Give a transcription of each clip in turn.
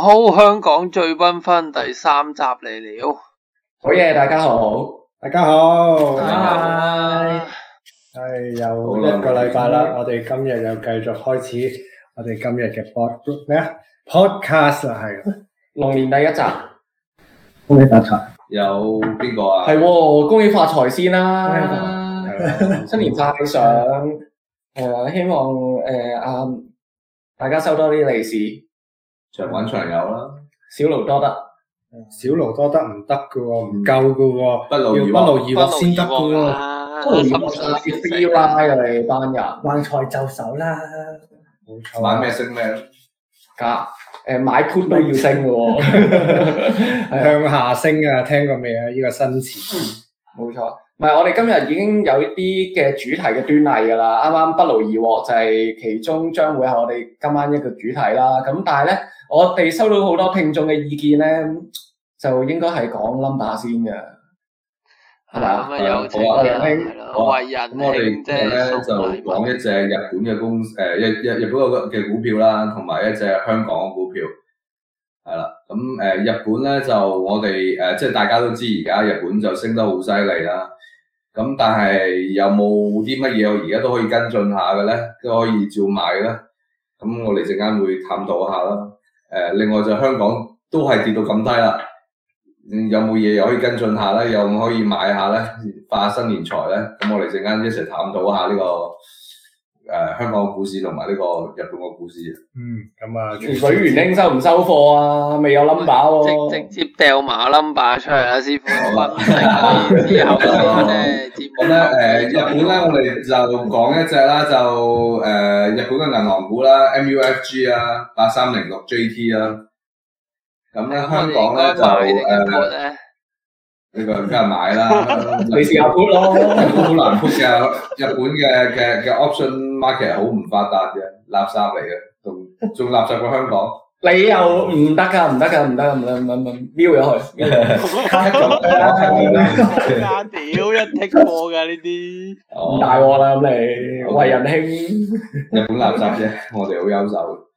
好，香港最繽紛第三集嚟了。好嘢！大家好，大家好，大家係又一個禮拜啦。了我哋今日又繼續開始我哋今日嘅 pod 咩啊 podcast 啊，係龍年第一集，恭喜發財。有邊個啊？係恭喜發財先啦， 的 新年發喜上。誒，希望誒啊、呃、大家收多啲利是。長玩長有啦，嗯、小勞多得，小勞多得唔得嘅喎，唔夠嘅喎，嗯、不勞而要不勞而獲先得嘅咯，不勞而獲啲 feel 又係班人，橫財就手啦，冇錯，買咩升咩咯，假，誒買盤都要升嘅，嗯、 向下升啊，聽過未啊？呢、這個新詞，冇錯、 嗯。唔係，我哋今日已經有一啲嘅主題嘅端倪㗎啦。啱啱不勞而獲就係其中將會係我哋今晚一個主題啦。咁但係咧，我哋收到好多聽眾嘅意見咧，就應該係講 number 先嘅，係咪啊？好、嗯、啊，我為咁我哋即係咧就講一隻日本嘅公誒日日日本嘅股票啦，同埋一隻香港嘅股票，係啦。咁誒、呃、日本咧就我哋誒、呃、即係大家都知，而家日，日本就升得好犀利啦。咁、嗯、但係有冇啲乜嘢我而家都可以跟進下嘅咧，都可以照買咧。咁我哋陣間會探討下啦。誒、呃，另外就香港都係跌到咁低啦、嗯，有冇嘢又可以跟進下咧？又可以買下咧？化新年財咧？咁我哋陣間一齊探討下呢、這個。誒，香港個股市同埋呢個日本個股市啊，嗯，咁啊，水原英收唔收貨啊？未有 number 喎，直直接掉埋 number 出嚟啊，師傅，有咩？咁咧誒，日本咧，我哋就講一隻啦，就誒日本嘅銀行股啦，MUFG 啊，八三零六 JT 啊，咁咧香港咧就誒。你咪俾人買啦，你試下 put 咯，好難 put。日本嘅嘅嘅 option market 好唔發達嘅，垃圾嚟嘅，仲仲垃圾過香港。你又唔得㗎，唔得㗎，唔得，唔得，唔，瞄入去，卡一局屌，一 take 過㗎呢啲，大鑊啦咁你，Okay. 我係仁兄，日本垃圾啫，我哋好優秀。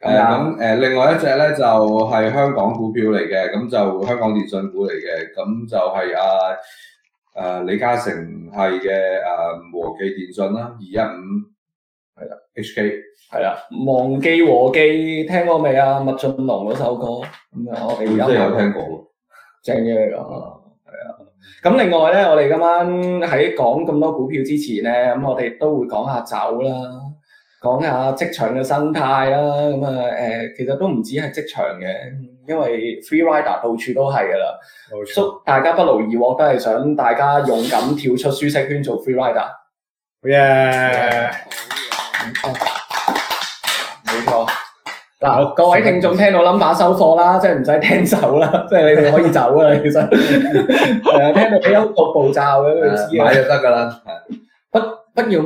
誒咁誒，啊、另外一隻咧就係香港股票嚟嘅，咁就香港電訊股嚟嘅，咁就係啊啊李嘉誠係嘅啊和記電訊啦，二一五，係啊，H K，係啊，忘記和記聽過未啊？麥浚龍嗰首歌，咁啊、嗯、我而家有聽過，正嘅，嚟㗎、嗯，係啊。咁、嗯嗯、另外咧，我哋今晚喺講咁多股票之前咧，咁我哋都會講下酒啦。講下職場嘅生態啦，咁啊誒，其實都唔止係職場嘅，因為 free rider 到處都係噶啦，冇錯大家不勞而獲都係想大家勇敢跳出舒適圈做 free rider 好嘅，冇 Yeah Yeah. 錯。嗱錯、嗯，各位聽眾聽到 number 收貨啦，即係唔使聽走啦，即係 你哋可以走啦。其實，聽到你有六步驟嘅，都知道買就得噶啦，不不用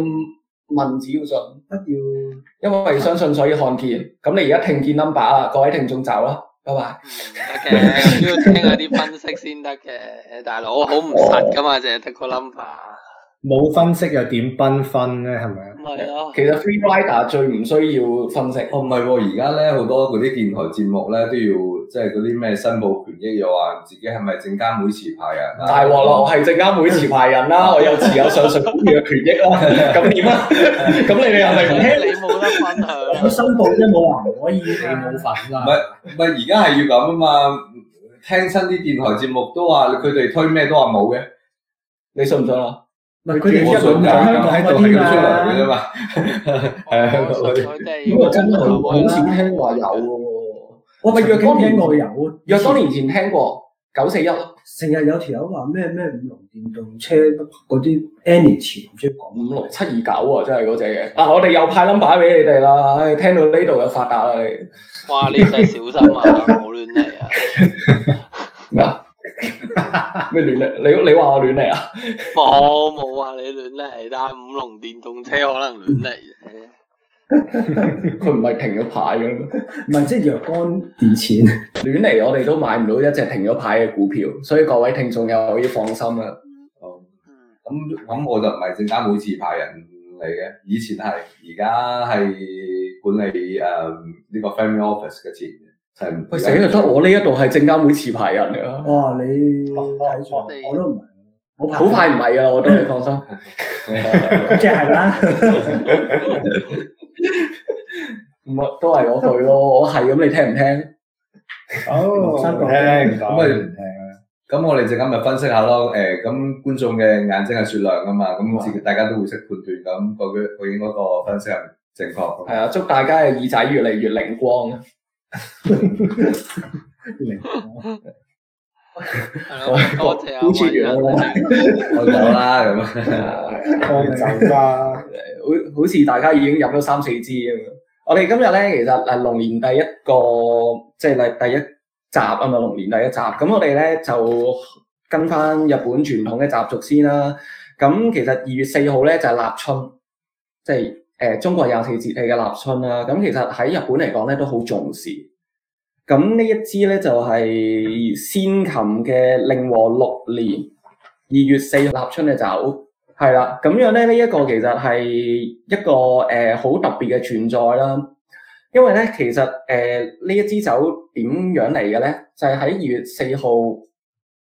問，只要信。不要，因為相信所以看見。咁你而家聽見 number 啊，各位聽眾就走啦，拜拜。OK，、嗯、要聽下啲分析先得嘅，大佬好唔實㗎嘛，淨係得個 number。冇分析又點繽紛咧？係咪啊？係啊，其實 FreeRider 最唔需要分析。哦，唔係而家咧好多嗰啲電台節目咧都要，即係嗰啲咩申報權益又話自己係咪證監會持牌人？大鑊咯，我係證監會持牌人啦，我有持有上述股票嘅權益啦。咁點啊？咁你哋又咪唔聽你冇得分享？我申報啫，冇話唔可以，你冇份啊？唔係唔係，而家係要咁啊嘛？聽親啲電台節目都話佢哋推咩都話冇嘅，你信唔信啊？唔係佢哋一輪喺香港喺度起咗出嚟嘅啫嘛，係香港佢。如果真係，好少聽話有喎。我咪係若干聽過有，若多年前聽過九四一。成日有條友話咩咩五龍電動車嗰啲 anything 唔知講五六七二九啊，真係嗰隻嘢。嗱、啊，我哋又派 number 俾你哋啦，哎，聽到呢度有發達啦。你哇，你哋小心啊，冇 亂嚟啊。嗱。 咩亂嚟？你你話我亂嚟啊？ 我冇話你亂嚟，但係五龍電動車可能亂嚟啫。佢唔係停咗牌咯，唔係即係若干電錢。亂嚟以前， 我哋都買唔到一隻停咗牌嘅股票，所以各位聽眾又可以放心啦。哦、 嗯，咁咁我就唔係正佳每次派人嚟嘅，以前係，而家係管理誒呢、嗯這個 family office 嘅錢喂，成日得我呢一度係證監會持牌人嚟啦。哇，你睇錯都唔係，我好快唔係啊，我都放心。即係啦，唔係都係我去咯。我係咁，你聽唔聽？ 哦，聽，咁咪唔咁我哋陣間咪分析下咯。誒、呃，咁觀眾嘅眼睛係雪亮噶嘛，咁、嗯、的大家都會識判斷。咁、那、嗰個，應該嗰個分析係正確。係啊，祝大家嘅耳仔越嚟越靈光。好似我我走啦咁，我走啦。好好似大家已經飲咗三四支咁。我哋今日咧，其實係龍年第一個，即係第第一集啊嘛，龍年第一集。咁我哋咧就跟翻日本傳統嘅習俗先啦。咁其實二月四號咧就係立春，即係。誒、呃、中國二十四節氣嘅立春啦、啊，咁、嗯、其實喺日本嚟講咧都好重視。咁、嗯、呢一支咧就係、是、仙禽嘅令和六年二月四立春嘅酒，係啦。咁樣咧呢一、這個其實係一個誒好、呃、特別嘅存在啦。因為咧其實誒、呃、呢一支酒點樣嚟嘅咧，就係喺二月四號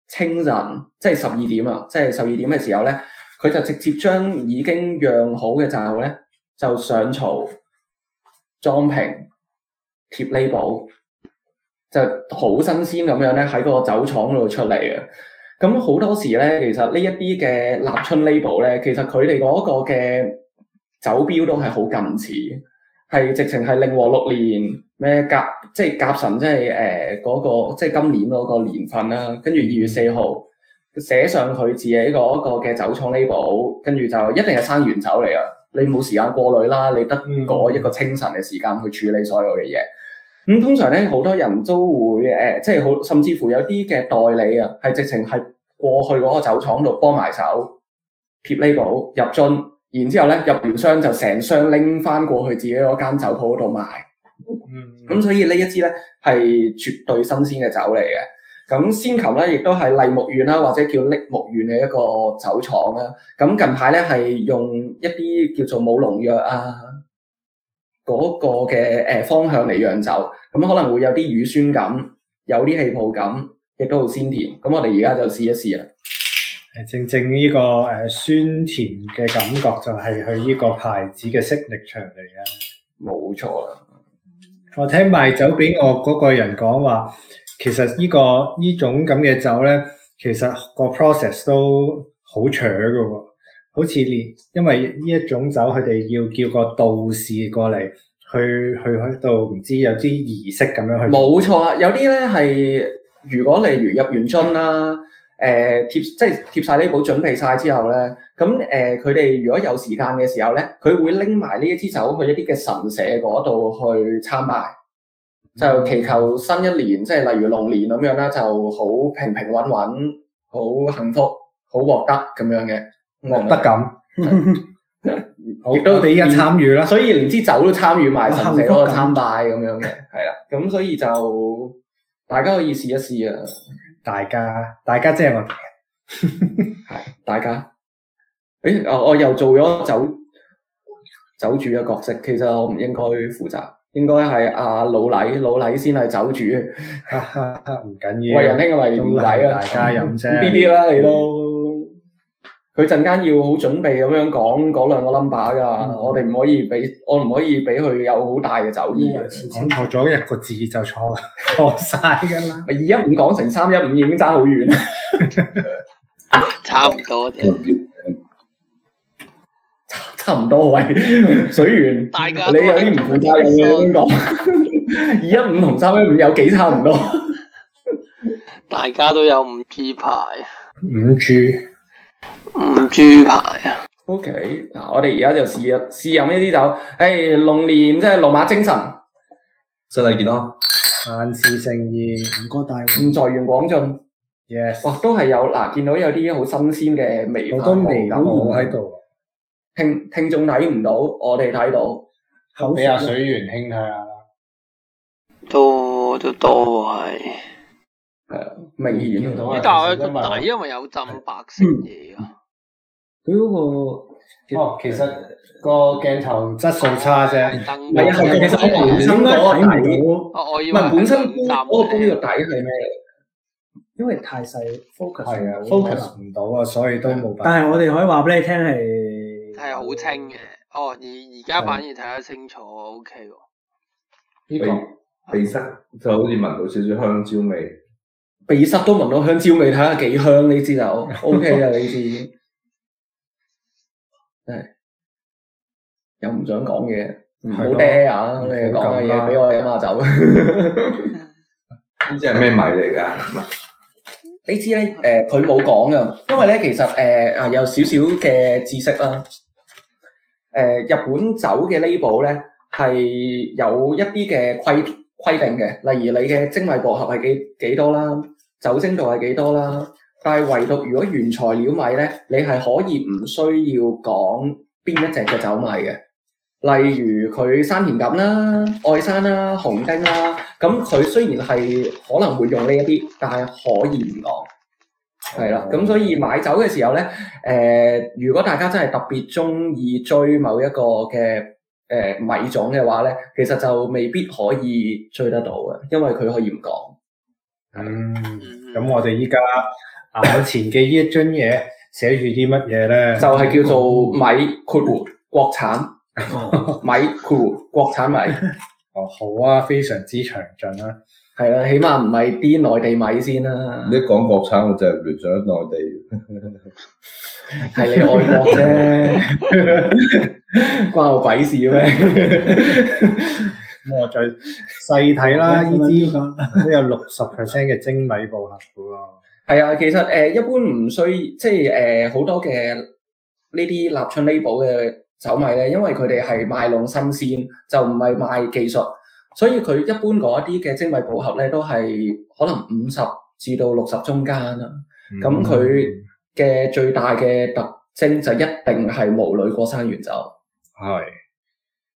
清晨，即係十二點啊，即係十二點嘅時候咧，佢就直接將已經釀好嘅酒咧。就上槽，裝瓶貼 label，就好新鮮咁樣咧喺個酒廠度出嚟啊！咁好多時咧，其實呢一啲嘅立春 label 咧，其實佢哋嗰個嘅酒標都係好近似，係直情係令和六年咩甲，即係甲辰，即係誒個即係今年嗰個年份啦。跟住二月四號寫上佢自己嗰個嘅酒廠 label，跟住就一定係生原酒嚟啊！你冇時間過濾啦，你得嗰一個清晨嘅時間去處理所有嘅嘢。咁通常咧，好多人都會誒，即係好，甚至乎有啲嘅代理啊，係直情係過去嗰個酒廠度幫埋手貼 label 入樽，然之後咧入完箱就成箱拎翻過去自己嗰間酒鋪度賣。咁、嗯、所以呢一支咧係絕對新鮮嘅酒嚟嘅。咁仙禽咧，亦都係荔木園啦，或者叫瀝木園嘅一個酒廠啦。咁近排咧，係用一啲叫做冇農藥啊，嗰、那個嘅誒方向嚟釀酒，咁可能會有啲乳酸感，有啲氣泡感，亦都好鮮甜。咁我哋而家就試一試啊！誒，正正呢個誒酸甜嘅感覺，就係佢呢個牌子嘅 signature 嚟啊。冇錯啦。我聽賣酒俾我嗰個人講話。其實、這個、這這呢個依種咁嘅酒咧，其實個 process 都好長㗎喎，好似連因為呢一種酒，佢哋要叫個道士過嚟去去喺度，唔知有啲儀式咁樣去。冇錯啦，有啲咧係，如果例如入完樽啦，誒貼是的、呃、即係貼晒呢簿，準備晒之後咧，咁誒佢哋如果有時間嘅時候咧，佢會拎埋呢一支酒去一啲嘅神社嗰度去參拜。就祈求新一年，即係例如龍年咁樣啦，就好平平穩穩，好幸福，好獲得咁樣嘅獲得感。亦都哋依家參與啦，所以連支酒都參與埋神聖嗰個參拜咁樣嘅，係啦 的。咁所以就大家可以試一試啊！大家，大家精啊！係 大家。誒，我我又做咗酒酒主嘅角色，其實我唔應該負，負責。應該係阿老禮，老禮先係走主，唔緊要。為人兄咪要睇啊，大、啊啊、家飲聲。B B 啦，你都佢陣間要好準備咁樣講嗰兩個 number 噶、嗯，我哋唔可以俾，我唔可以俾佢有好大嘅走意嘅。嗯、錯咗一個字就錯，錯晒噶啦。二一五講成三一五,五已經差好遠 差唔多。差唔多位水源，大家你有啲唔負責任嘅，咁講二一五同三一五有幾差唔多？大家都有五 G 牌，五 G 五 G 牌 okay, 啊！OK，嗱，我哋而家就試一試飲呢啲酒。誒、欸，龍年即係龍馬精神，身體健康，萬事勝意，國大五、嗯、財源廣進，Yes，哇，都係有嗱，見、啊、到有啲好新鮮嘅味道，好多微我喺度。嗯聽聽眾睇唔到，我哋睇到。睇下水源傾向，都都都，係。係啊，名演員都係。但係個底因為有浸白色嘢啊。佢嗰個哦，其實個鏡頭質素差啫，唔係啊，其實本身都睇唔到。唔係本身嗰個工底係咩嚟？因為太細 focus，focus 唔到啊，所以都冇。但係我哋可以話俾你聽係。係、no、好清嘅，哦而而家反而睇得清，清楚，O K 喎。鼻的、OK、This 鼻塞就好似聞到少少香蕉味，鼻塞都聞到香蕉味，睇下幾香呢支就 OK 啊，呢、嗯、支。係又唔想講嘢，唔好嗲啊！咁你講嘅嘢俾我飲下酒。呢支係咩米嚟噶？呢支咧，誒佢冇講噶，因為咧其實誒啊、呃、有少少嘅知識啦。啊誒日本酒嘅 label 咧係有一啲嘅規規定嘅，例如你嘅精米步合係幾幾多啦，酒精度係幾多啦。但係唯獨如果原材料米咧，你係可以唔需要講邊一隻嘅酒米嘅。例如佢山田錦啦、啊、愛山啦、啊、紅丁啦、啊，咁佢雖然係可能會用呢一啲，但係可以唔講。係啦，咁所以買走嘅時候咧，誒、呃，如果大家真係特別中意追某一個嘅誒、呃、米種嘅話咧，其實就未必可以追得到嘅，因為佢可以唔講。嗯，咁我哋依家我前嘅呢一張嘢寫住啲乜嘢咧？就係叫做米括弧 國產，米括弧 國產米。 哦，好啊，非常之詳盡啦。係啊，起碼唔係啲內地米先啦，啊。你講國產，我就聯想內地。係 你愛國啫， 關我鬼事咩？咁 我再細睇啦，呢啲都有六十 percent 嘅精米步合喎。係啊，其實誒、呃、一般唔需，即係誒好多嘅呢啲立春 label 嘅酒米咧，因為佢哋係賣弄新鮮，就唔係賣技術。所以佢一般嗰啲嘅精米步合咧，都係可能五十至到六十中間啦。咁佢嘅最大嘅特徵就一定係無濾過生原酒、嗯、就係。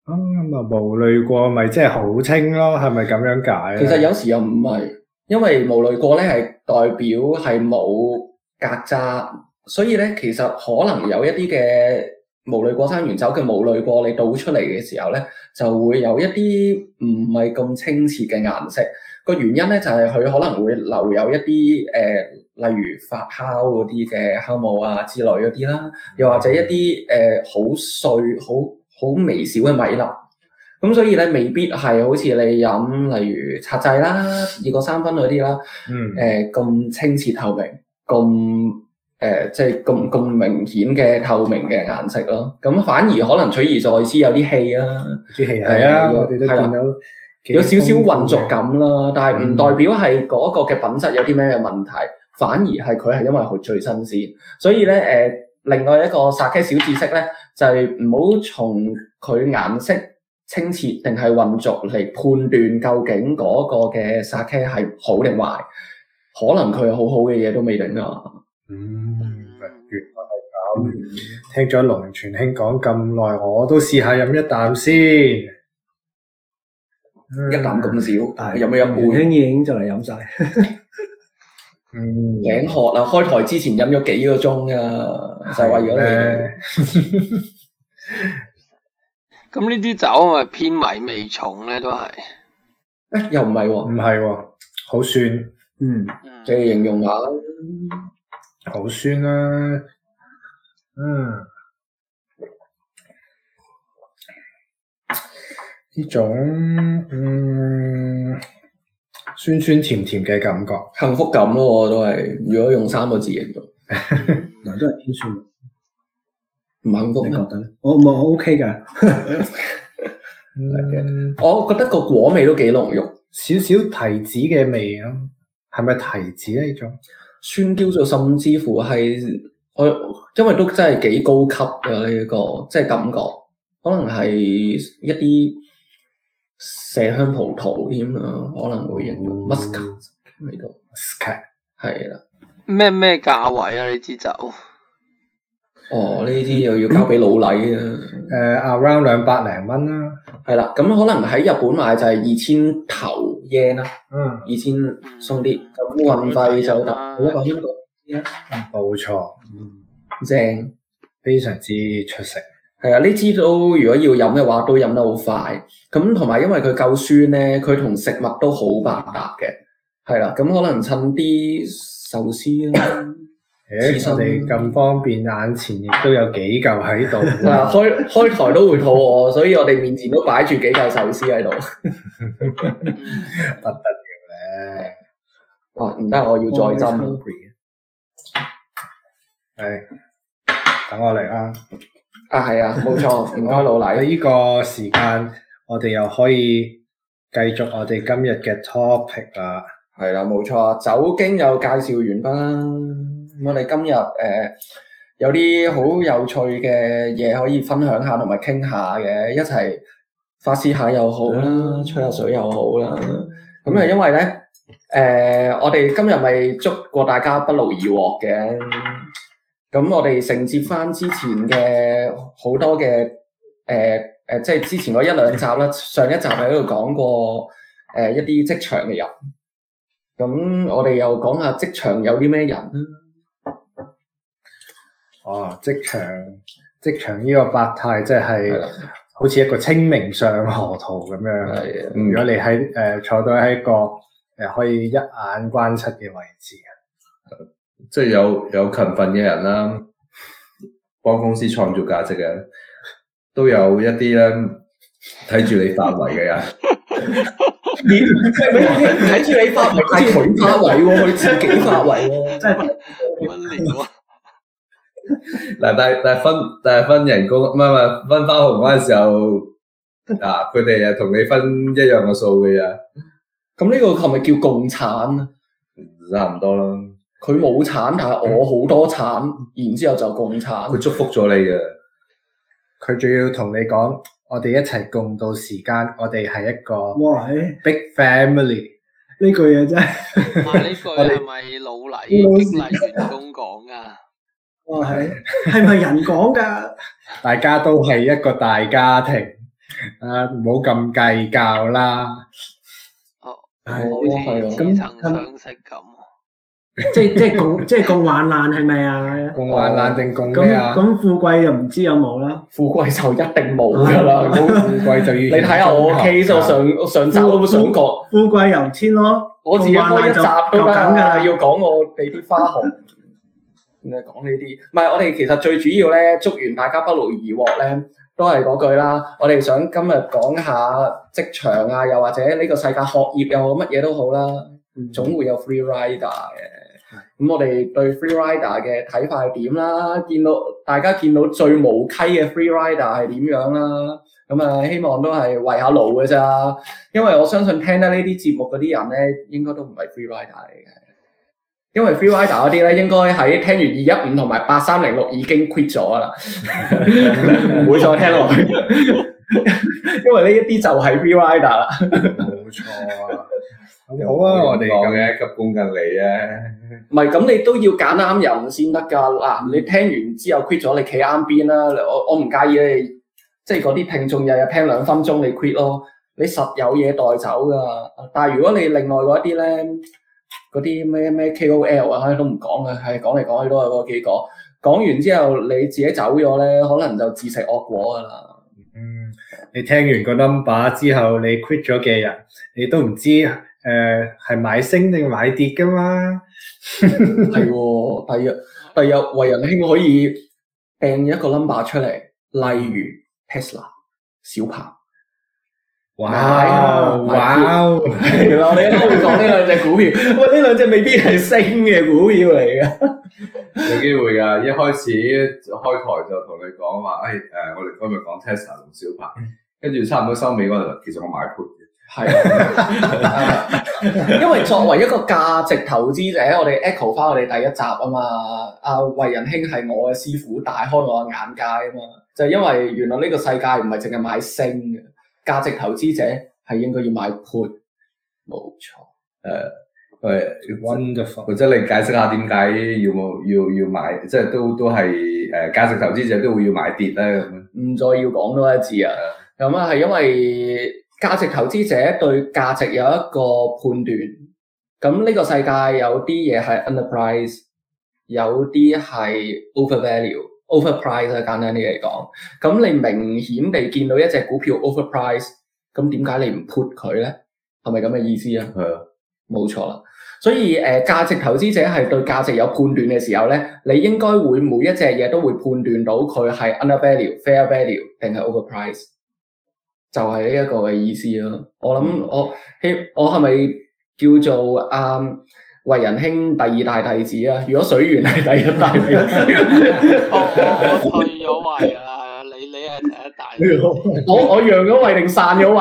咁啊無濾過咪即係好清咯，係咪咁樣解咧？其實有時又唔係，因為無濾過咧係代表係冇隔渣。所以咧其實可能有一啲嘅。無濾過生原酒嘅無濾過，你倒出嚟嘅時候咧，就會有一啲唔係咁清澈嘅顏色。個原因咧就係、是、佢可能會留有一啲誒、呃，例如發酵嗰啲嘅酵母啊之類嗰啲啦，又或者一啲誒好碎、好好微小嘅米粒。咁所以咧，未必係好似你飲例如獺祭啦、二割三分嗰啲啦，嗯，誒咁、呃、清澈透明咁。誒、呃，即係咁咁明顯嘅透明嘅顏色咯，咁反而可能取而代之有啲氣啊，啲氣係啊，有少少渾濁感啦， 但係唔代表係嗰個嘅品質有啲咩嘅問題， 反而係佢係因為佢最新鮮，所以咧誒、呃，另外一個 Sake 小知識咧，就係唔好從佢顏色清澈定係渾濁嚟判斷究竟嗰個嘅 Sake 係好定壞，可能佢好好嘅嘢都未定啊。嗯，原來係咁。聽咗龍傳興講咁耐，我都試下飲一啖先。嗯，一啖咁少，但係飲咗一半，胡兄已經就嚟飲晒。嗯，頸 渴啦，啊，開台之前飲咗幾個鐘啊，就話，如果你。咁呢啲酒係咪偏米味重咧？都係誒、哎，又唔係喎，唔係喎，好酸。嗯，即係形容下啦。好酸啦、啊，嗯，呢種嗯酸酸甜甜嘅感覺，幸福感咯，我都係，如果用三個字形容，嗱都係酸酸，唔幸福，你覺得咧？ 我我 OK 噶，我覺得個果味都幾濃郁，少少提子嘅味咯，係咪提子咧、啊、呢種？酸焦咗，甚至乎係我，因為都真係幾高級嘅呢、這個，即係感覺，可能係一啲麝香葡萄添啊，可能會形容 muscat 呢個，muscat 係啦，咩咩、嗯、價位啊？你知就？哦，呢啲又要交俾老李、 uh, 啊！誒，around 兩百零蚊啦，係啦，咁可能喺日本買就係二千頭 yen 啦，嗯，二千送啲，咁運費就得一百蚊度，冇錯，正，非常之出色，係啊，呢支都如果要飲嘅話，都飲得好快，咁同埋因為佢夠酸咧，佢同食物都好百搭嘅，係啦，咁可能襯啲壽司啦、啊。 其自、哎、我你咁方便，眼前亦都有幾嚿喺度。嗱， 開開台都會肚餓，所以我哋面前都擺住幾嚿壽司喺度。 不得了咧！哦、啊，唔得，我要再斟。係、哎，等我嚟啦。啊，係啊，冇錯，唔該，老黎。呢個時間，我哋又可以繼續我哋今日嘅 topic 啦。係啦，冇錯，酒經又介紹完啦。咁我哋今日誒、呃、有啲好有趣嘅嘢可以分享下，同埋傾下嘅，一齊發泄下又好啦，的吹下水又好啦。咁啊的，因為咧誒、呃，我哋今日咪祝過大家不勞而獲嘅。咁我哋承接返之前嘅好多嘅誒誒，即係之前嗰一兩集啦，上一集喺度講過誒、呃、一啲職場嘅人。咁我哋又講下職場有啲咩人。嗯哦，職場職場呢個百態，即係好似一個清明上河圖咁樣。的如果你喺誒、呃、坐到喺個誒可以一眼關七嘅位置啊、嗯，即係有有勤奮嘅人啦，幫公司創造價值嘅，都有一啲咧睇住你發圍嘅人， 你睇住你發圍，睇佢發圍，去睇幾發圍， 真係唔靈活。 嗱，但係但係分但係分人工，唔係唔係分花紅嗰陣時候，啊，佢哋又同你分一樣嘅數嘅呀。咁呢個係咪叫共產？差唔多啦。佢冇產，但係我好多產，然之後就共產。佢祝福咗你嘅。佢仲要同你講，我哋一齊共度時間，我哋係一個 big family。呢句嘢真係。呢句係咪老黎老黎員工講啊？係係咪人講噶？大家都係一個大家庭，啊，唔好咁計較啦。哦，好似未曾相識咁，即係即係共即係共患難係咪啊？共患難定共咩啊？咁富貴又唔知有冇啦？富貴就一定冇噶啦，富貴就要你睇下我 K，我上我上集嘅感覺，富貴由天咯。我自己開一集都得，要講我哋啲花紅。你講呢啲，唔係我哋其實最主要咧，祝願大家不勞而獲咧，都係嗰句啦。我哋想今日講下職場啊，又或者呢個世界學業又乜嘢都好啦，總會有 FreeRider 嘅。咁、嗯、我哋對 FreeRider 嘅睇法係點啦？見到大家見到最無稽嘅 FreeRider 係點樣啦？咁啊，希望都係為下路嘅咋，因為我相信聽得呢啲節目嗰啲人咧，應該都唔係 FreeRider 嚟嘅。因為 Free Rider 嗰啲咧，應該喺聽完二一五同埋八三零六已經 quit 咗啦，唔 會再聽落去。因為呢一啲就係 Free Rider 啦。冇錯、啊， 好啊，我哋講嘅急功近利啊。唔係咁，你都要揀啱人先得噶。嗱、啊，你聽完之後 quit 咗，你企啱邊啦。我我唔介意你，即係嗰啲聽眾日日聽兩分鐘你 quit 咯，你實有嘢帶走噶。但係如果你另外嗰啲咧，嗰啲咩咩 KOL 啊，都唔講嘅，係講嚟講去都係嗰幾個，講完之後你自己走咗咧，可能就自食惡果噶啦。嗯，你聽完個 number 之後，你 quit 咗嘅人，你都唔知誒係、呃、買升定買跌噶嘛？係 喎、 哦，第日第日惠仁兄可以掟一個 number 出嚟，例如 Tesla 小鵬。哇！哇！係咯，你都會講呢兩隻股票，喂，呢兩隻未必係升嘅股票嚟噶，有機會㗎。一開始開台就同你講話，誒、哎、誒、呃，我哋今日講 Tesla 同小鵬，跟住差唔多收尾嗰陣，其實我買盤嘅，係，因為作為一個價值投資者，我哋 echo 翻我哋第一集啊嘛，阿惠仁兄係我嘅師傅，大開我嘅眼界啊嘛，就係、因為原來呢個世界唔係淨係買升嘅。價值投資者係應該要買 put，冇錯。誒，wonderful，或者你解釋下點解要冇要要買，即係都都係誒價值投資者都會要買跌咧。唔再要講多一次啊。咁啊，係因為價值投資者對價值有一個判斷，咁呢個世界有啲嘢係 underprice，有啲係 overvalue。Overpriced 簡單啲嚟講，咁你明顯地見到一隻股票 overpriced，咁點解你唔 put 佢呢？係咪咁嘅意思啊？係啊的，冇錯啦。所以誒、呃，價值投資者係對價值有判斷嘅時候呢，你應該會每一隻嘢都會判斷到佢係 undervalue、fair value 定係 overpriced，就係呢一個嘅意思咯。我諗我我係咪叫做誒？Um, 為人兄第二大弟子啊！如果水源係第一大，我退咗位啊。你你係第一大，我我讓咗位，定、 欸、散咗位？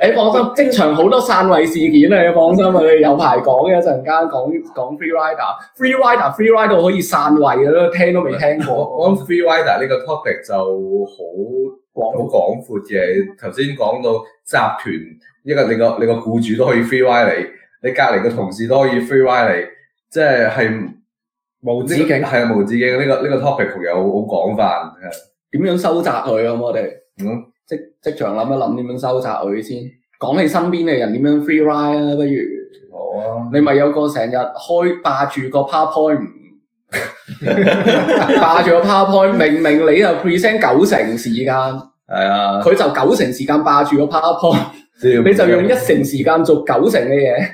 你放心，職場好多散位事件啊！你放心啊，你有排講嘅，一陣間講講 free rider free rider free rider 可以散位噶都聽都未聽過。我諗講 free rider 呢個 topic 就好好廣闊嘅，頭先講到集團。一個你個你個雇主都可以 free ride 你，你隔籬嘅同事都可以 free ride 你，即係無止境，係啊警無止境。呢個呢個 topic 又好廣泛，點樣收窄佢，咁我哋？即即場諗一諗點樣收窄佢先。講起身邊嘅人點樣 free ride 啊？不如，好啊！你咪有個成日開霸住個 powerpoint， 霸住個 powerpoint，明明你就 present 九成時間，係啊，佢就九成時間霸住個 powerpoint。 你就用一成時間做九成嘅嘢，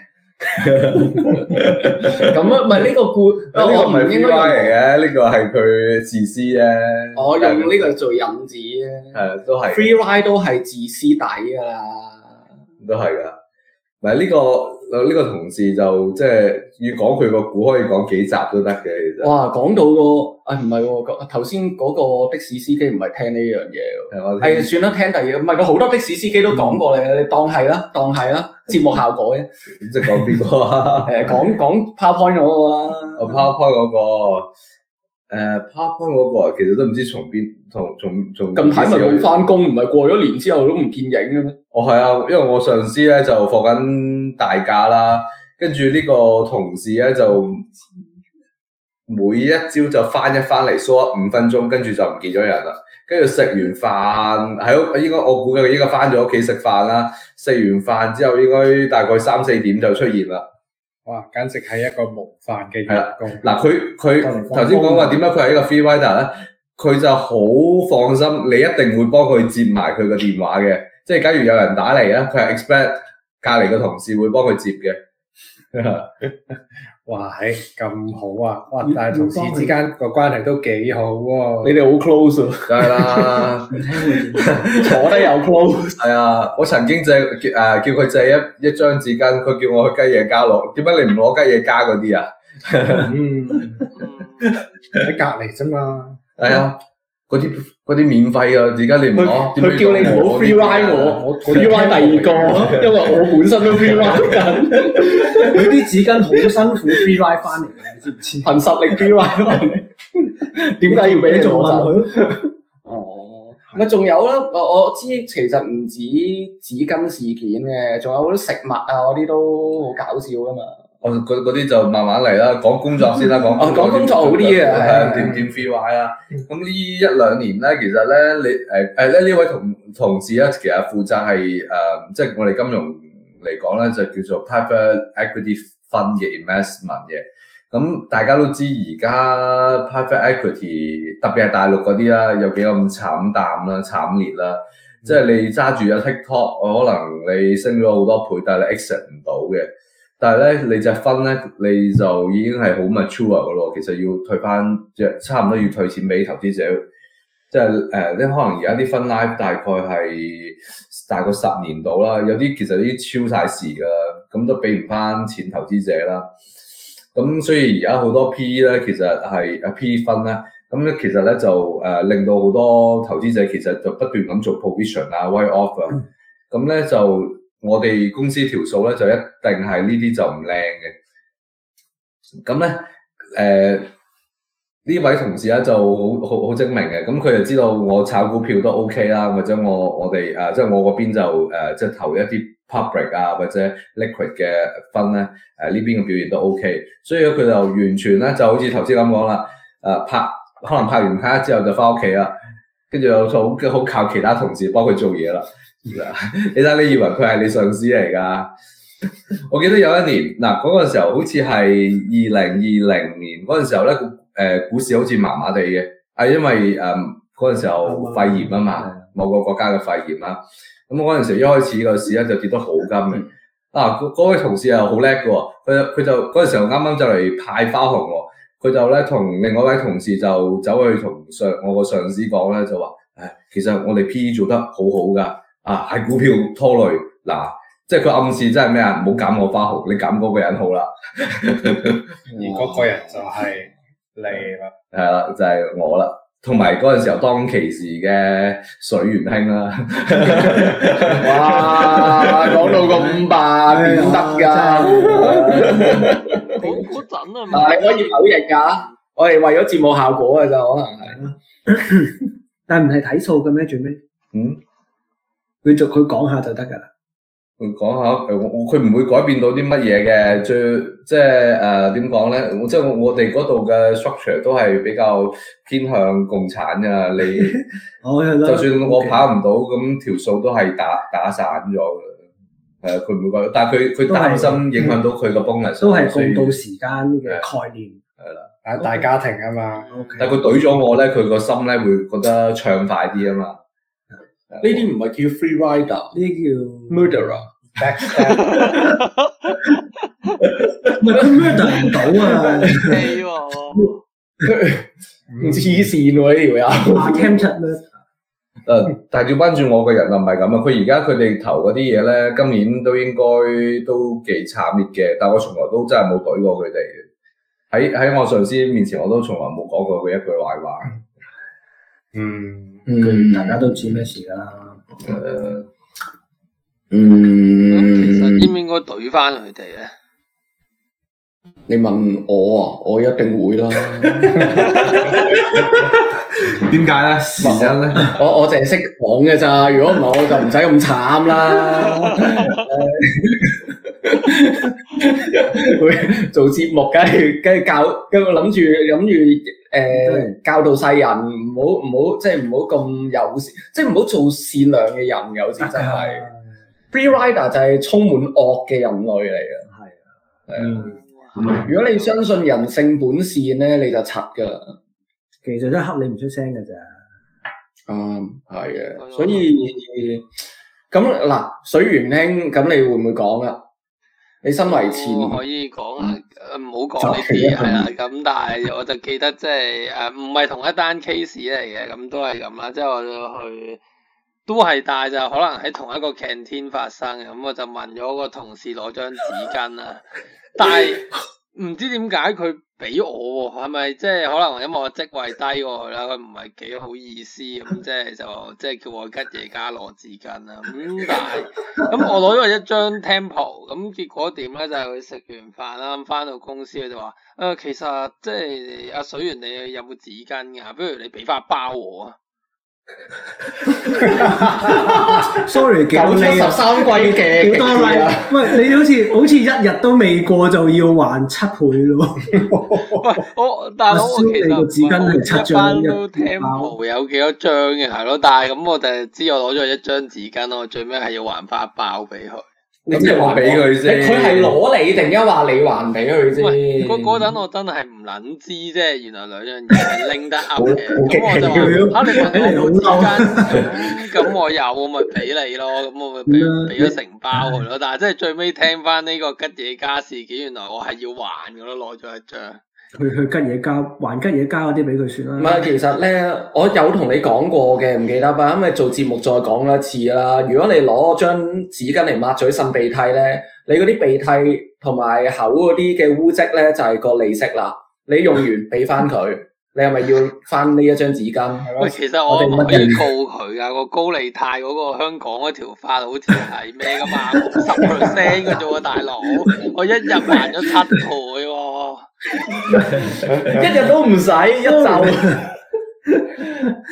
咁啊， 唔係呢個故，呢個唔係 free ride 嚟嘅，呢個係佢自私咧。我、啊、用呢個做引子，係都係 free ride 都係自私底噶啦，都係噶，唔係呢個。呢個同事就即係要講佢個股，可以講幾集都得嘅。其實哇！講到個，唉唔係喎，頭先嗰個的士司機唔係聽呢樣嘢喎。係我聽。係、哎、算啦，聽第二個，唔係佢好多的士司機都講過你啦，嗯、你當係啦、啊，當係啦、啊，節目效果啫、啊。點識講邊個啊？誒，講 PowerPoint 嗰個啊。我 PowerPoint 嗰、那個。誒，part one 嗰個其實都唔知從邊，從從從咁睇咪會翻工，唔係過咗年之後都唔見影嘅、啊、咩？哦，係啊，因為我上司咧就放緊大假啦，跟住呢個同事咧就每一朝就翻一翻嚟，梳 h 五分鐘，跟住就唔見咗人啦。跟住食完飯喺屋，應該我估佢依家翻咗屋企食飯啦。食完飯之後應該大概三四點就出現啦。哇！簡直係一個模範嘅員工。嗱，佢佢頭先講話點解佢係一個 FreeRider 咧？佢就好放心，你一定會幫佢接埋佢個電話嘅。即係假如有人打嚟啊，佢係 expect 隔離個同事會幫佢接嘅。 哇、欸、咁好啊！哇，但係同事之間個關係都幾好喎，你哋好 close 喎。梗係啦，坐得又 close。係啊，我曾經借、就、誒、係啊、叫佢借一一張紙巾，佢叫我去吉野家攞。點解你唔攞吉野家嗰啲啊？嗯，喺隔離啫嘛。係啊。 嗰啲啲免費啊，而家你唔好，佢叫你唔好 free ride 我，free ride 第二個， 因為我本身都 free ride 緊，佢啲紙巾好辛苦 free ride 翻嚟嘅，你知唔知？憑實力 free ride 翻嚟，點解 要俾你做我仔？哦，咪仲有啦，我我知，其實唔止紙巾事件嘅，仲有好多食物啊，嗰啲都好搞笑噶嘛。我嗰啲就慢慢嚟啦，講工作先啦，啊、講工作好啲嘢啊，點點 feel 話啊！咁呢 一兩年咧，其實咧，你誒誒咧呢位同同事咧，其實負責係誒，即、呃、係、就是、我哋金融嚟講咧，就叫做 private equity fund 嘅 investment 嘅。咁、啊、大家都知而家 private equity 特別係大陸嗰啲啦，有幾咁慘淡啦、慘烈啦、啊，即係你揸住一 TikTok，可能你升咗好多倍，但係你 exit 唔到嘅。但係咧，你隻分咧，你就已經係好 mature 嘅咯。其實要退翻隻，差唔多要退錢俾投資者，即係誒，即、呃、可能而家啲分 life 大概係大過十年度啦。有啲其實啲超晒時嘅，咁都俾唔翻錢投資者啦。咁所以而家好多 P E 咧，其實係啊 P E 分咧，咁咧其實咧就誒、呃、令到好多投資者其實就不斷咁做 provision 啊 write off，咁咧就。我哋公司條數咧就一定係呢啲就唔靚嘅，咁咧誒呢位同事咧就好好好精明嘅，咁、嗯、佢就知道我炒股票都 OK 啦，或者我我哋誒即係我嗰邊就誒即係投一啲 public 啊或者 liquid 嘅分咧誒呢邊嘅、呃、表現都 OK，所以佢就完全咧就好似頭先咁講啦，誒、呃、拍可能拍完卡之後就翻屋企啦，跟住又好好靠其他同事幫佢做嘢啦。你睇， 你以為佢係你上司嚟噶？ 我記得有一年，嗱、那、嗰個時候好似係二零二零年嗰陣、那個、時候咧，誒，股市好似麻麻地嘅，係因為誒嗰陣時候肺炎啊嘛，某個國家嘅肺炎啦，咁我嗰陣時一開始個市咧就跌得好金嘅。嗱、嗯、嗰、啊、位同事又好叻嘅，佢佢就嗰陣、那個、時候啱啱就嚟派花紅，佢就咧同另外一位同事就走去同上我個上司講咧，就話，誒、哎，其實我哋 P E 做得好好噶啊，係股票拖累嗱、啊，即係佢暗示真，真係咩啊？唔好減我花紅，你減嗰個人好啦， 而嗰個人就係你啦，係啦，就係我啦，同埋嗰陣時候當其時嘅水源兄啦，哇，講到五咁笨得噶，講嗰陣係咪？可以否認噶，我哋為咗節目效果嘅就可能係但但唔係睇數嘅咩？最尾嗯。你逐佢講下就得噶，佢講下，誒佢唔會改變到啲乜嘢嘅，最即係誒點講咧？呃、呢即我即係我我哋嗰度嘅 structure 都係比較偏向共產嘅，你 就算我跑唔到，咁條數都係打打散咗嘅。誒、啊，佢唔會改，但係佢佢擔心影響到佢個 bonus。都係共度時間嘅概念。係啦，大家庭啊嘛。Okay. 但係佢懟咗我咧，佢個心咧會覺得暢快啲啊嘛。呢啲唔係叫 free rider，呢啲叫 murderer，backstab。唔 murder 唔到 病啊，黐線喎！黐線喎！條友。account 咧，誒，但係要關注我嘅人啊，唔係咁啊。佢而家佢哋投嗰啲嘢咧，今年都應該都幾慘烈嘅。但係我從來都真係冇懟過佢哋。喺喺我上司面前，我都從來冇講過佢一句壞話。嗯。佢、嗯、大家都知咩事啦。誒，嗯。咁、嗯、其實應唔應該隊返佢哋咧？你問我啊，我一定會啦 麼。點解咧？時間咧？我我淨係識講嘅咋，如果唔係我就唔使咁慘啦。會做節目，梗係跟住教，跟住諗住諗住。誒，嗯、教導世人唔好唔好，即係唔好咁友善，即係唔好做善良嘅人，有時真、就、係、是。F、哎、呀 ree Rider 就係充滿惡嘅人類嚟嘅。係、哎呀，嗯。嗯如果你相信人性本善咧，你就柒噶啦。其實都恰你唔出聲噶咋。啱、嗯，係啊。所以咁嗱、嗯嗯，水圓兄，咁你會唔會講啊？你身為前，我可以講，唔好講呢啲係啦。咁但係我就記得，即係誒，唔係同一單 case 嚟嘅，咁都係咁啦。即係我就去都係帶就，可能喺同一個 canteen 發生嘅。咁我就問咗個同事攞張紙巾啦，但係唔知點解佢俾我喎，係咪即係可能因為我職位低過去啦，佢唔係幾好意思咁，即係就即係叫我吉野家攞紙巾啦。咁但係咁我攞咗一張 Tempo，咁結果點咧？就係佢食完飯啦，咁翻到公司佢就話，誒、呃、其實即係阿水源，你有冇紙巾㗎？不如你俾翻包我啊！ sorry 幾多例啊，十三季嘅幾多例了啊？喂了， 你好似好似一日都未過就要還七倍咯？喂、 哦，哦、但我大佬，我，燒 我其實紙巾係七張，我班都聽張有幾多張嘅係咯？但係咁，我就知我攞咗一張紙巾，我最尾係要還翻包俾佢。你先話俾佢先，佢係攞你定抑話你還俾佢先？嗰嗰陣我真係唔撚知啫，原來兩樣嘢拎得啱嘅。咁我就話嚇 你問你 我之間，咁我又我咪俾你咯，咁我咪俾俾咗成包佢咯。但係真係最尾聽翻呢個吉野家事件，原來我係要還嘅咯，攞咗一張。去去吉嘢交，還吉嘢交嗰啲俾佢算啦。唔係，其實咧，我有同你講過嘅，唔記得啦。因為做節目再講一次啦。如果你攞張紙巾嚟抹嘴擤鼻涕咧，你嗰啲鼻涕同埋口嗰啲嘅污漬咧，就係、是、個利息啦。你用完俾翻佢，你係咪要翻呢一張紙巾？喂，其實我哋唔可以告佢噶、那個高利貸嗰個香港嗰條法好似係咩噶嘛？十 percent 嘅啫喎，大佬，我一日還咗七倍。 一日都唔使，一晝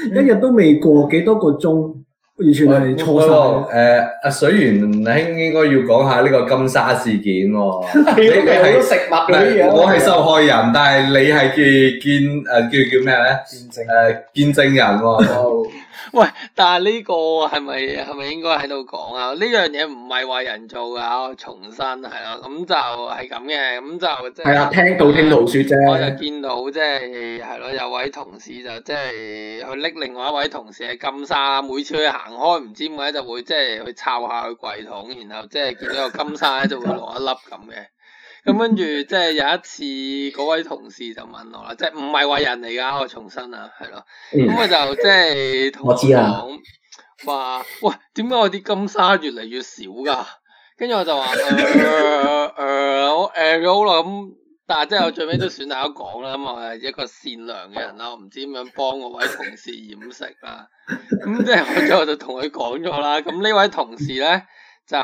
一日都未過幾多個鐘，完全係錯。誒，阿、呃、水源兄應該要講下呢個金沙事件、哦。 你係食物，我係受害人， 但係你係見誒、呃，叫叫咩咧？誒證、呃，見證人喎、哦。 喂，但係、這、呢個係咪係咪應該喺度講啊？呢樣嘢唔係為人做噶，我重申係咯，咁就係咁嘅，咁就係啦、就是，聽到聽老說啫。我就見到即係係咯，有位同事就即係、就是、去拎另外一位同事嘅金莎，每次去行開唔知點解就會即係、就是、去抄下佢櫃桶，然後即係、就是、見到有金莎咧 就會落一粒咁嘅。咁跟住，即係、就是、有一次，嗰位同事就問我啦，即係唔係話人嚟噶？我重申啊，係咯。咁、嗯就是、我就即係同我講話，喂，點解我啲金莎越嚟越少噶？跟住我就話，誒、呃呃呃、我好誒咁，但係即係我最尾都算大家講啦，咁我係一個善良嘅人啦，我唔知點樣幫我位同事掩飾啦。咁即係我最後就同佢講咗啦。咁呢位同事咧。就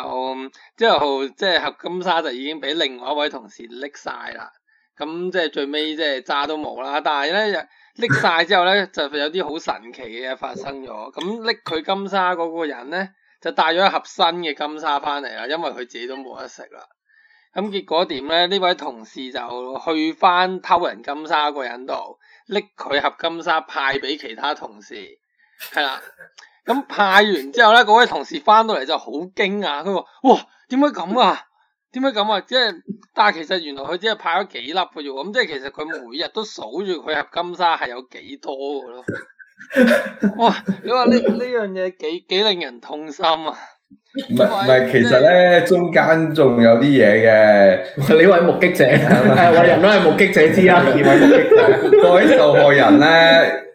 之後即係盒金沙就已經俾另外一位同事拎晒啦，咁即係最尾即係渣都冇啦。但係咧拎晒之後咧，就有啲好神奇嘅嘢發生咗。咁拎佢金沙嗰個人咧，就帶咗一盒新嘅金沙翻嚟啦，因為佢自己都冇得食啦。咁結果點咧？呢位同事就去翻偷人金沙嗰人度拎佢盒金沙派俾其他同事，係啦。咁派完之後咧，嗰位同事翻到嚟就好驚訝，佢話：哇，點解咁啊？點解咁啊？即係，但係其實原來佢只係派咗幾粒嘅啫，咁即係其實佢每日都數住佢盒金沙係有幾多嘅咯。哇！你話呢呢樣嘢幾幾令人痛心啊？唔係唔係， 說其實咧中間仲有啲嘢嘅。呢位 目擊者係咪？ 人人人都係目擊者之一。呢位 目擊者，各位受害人咧。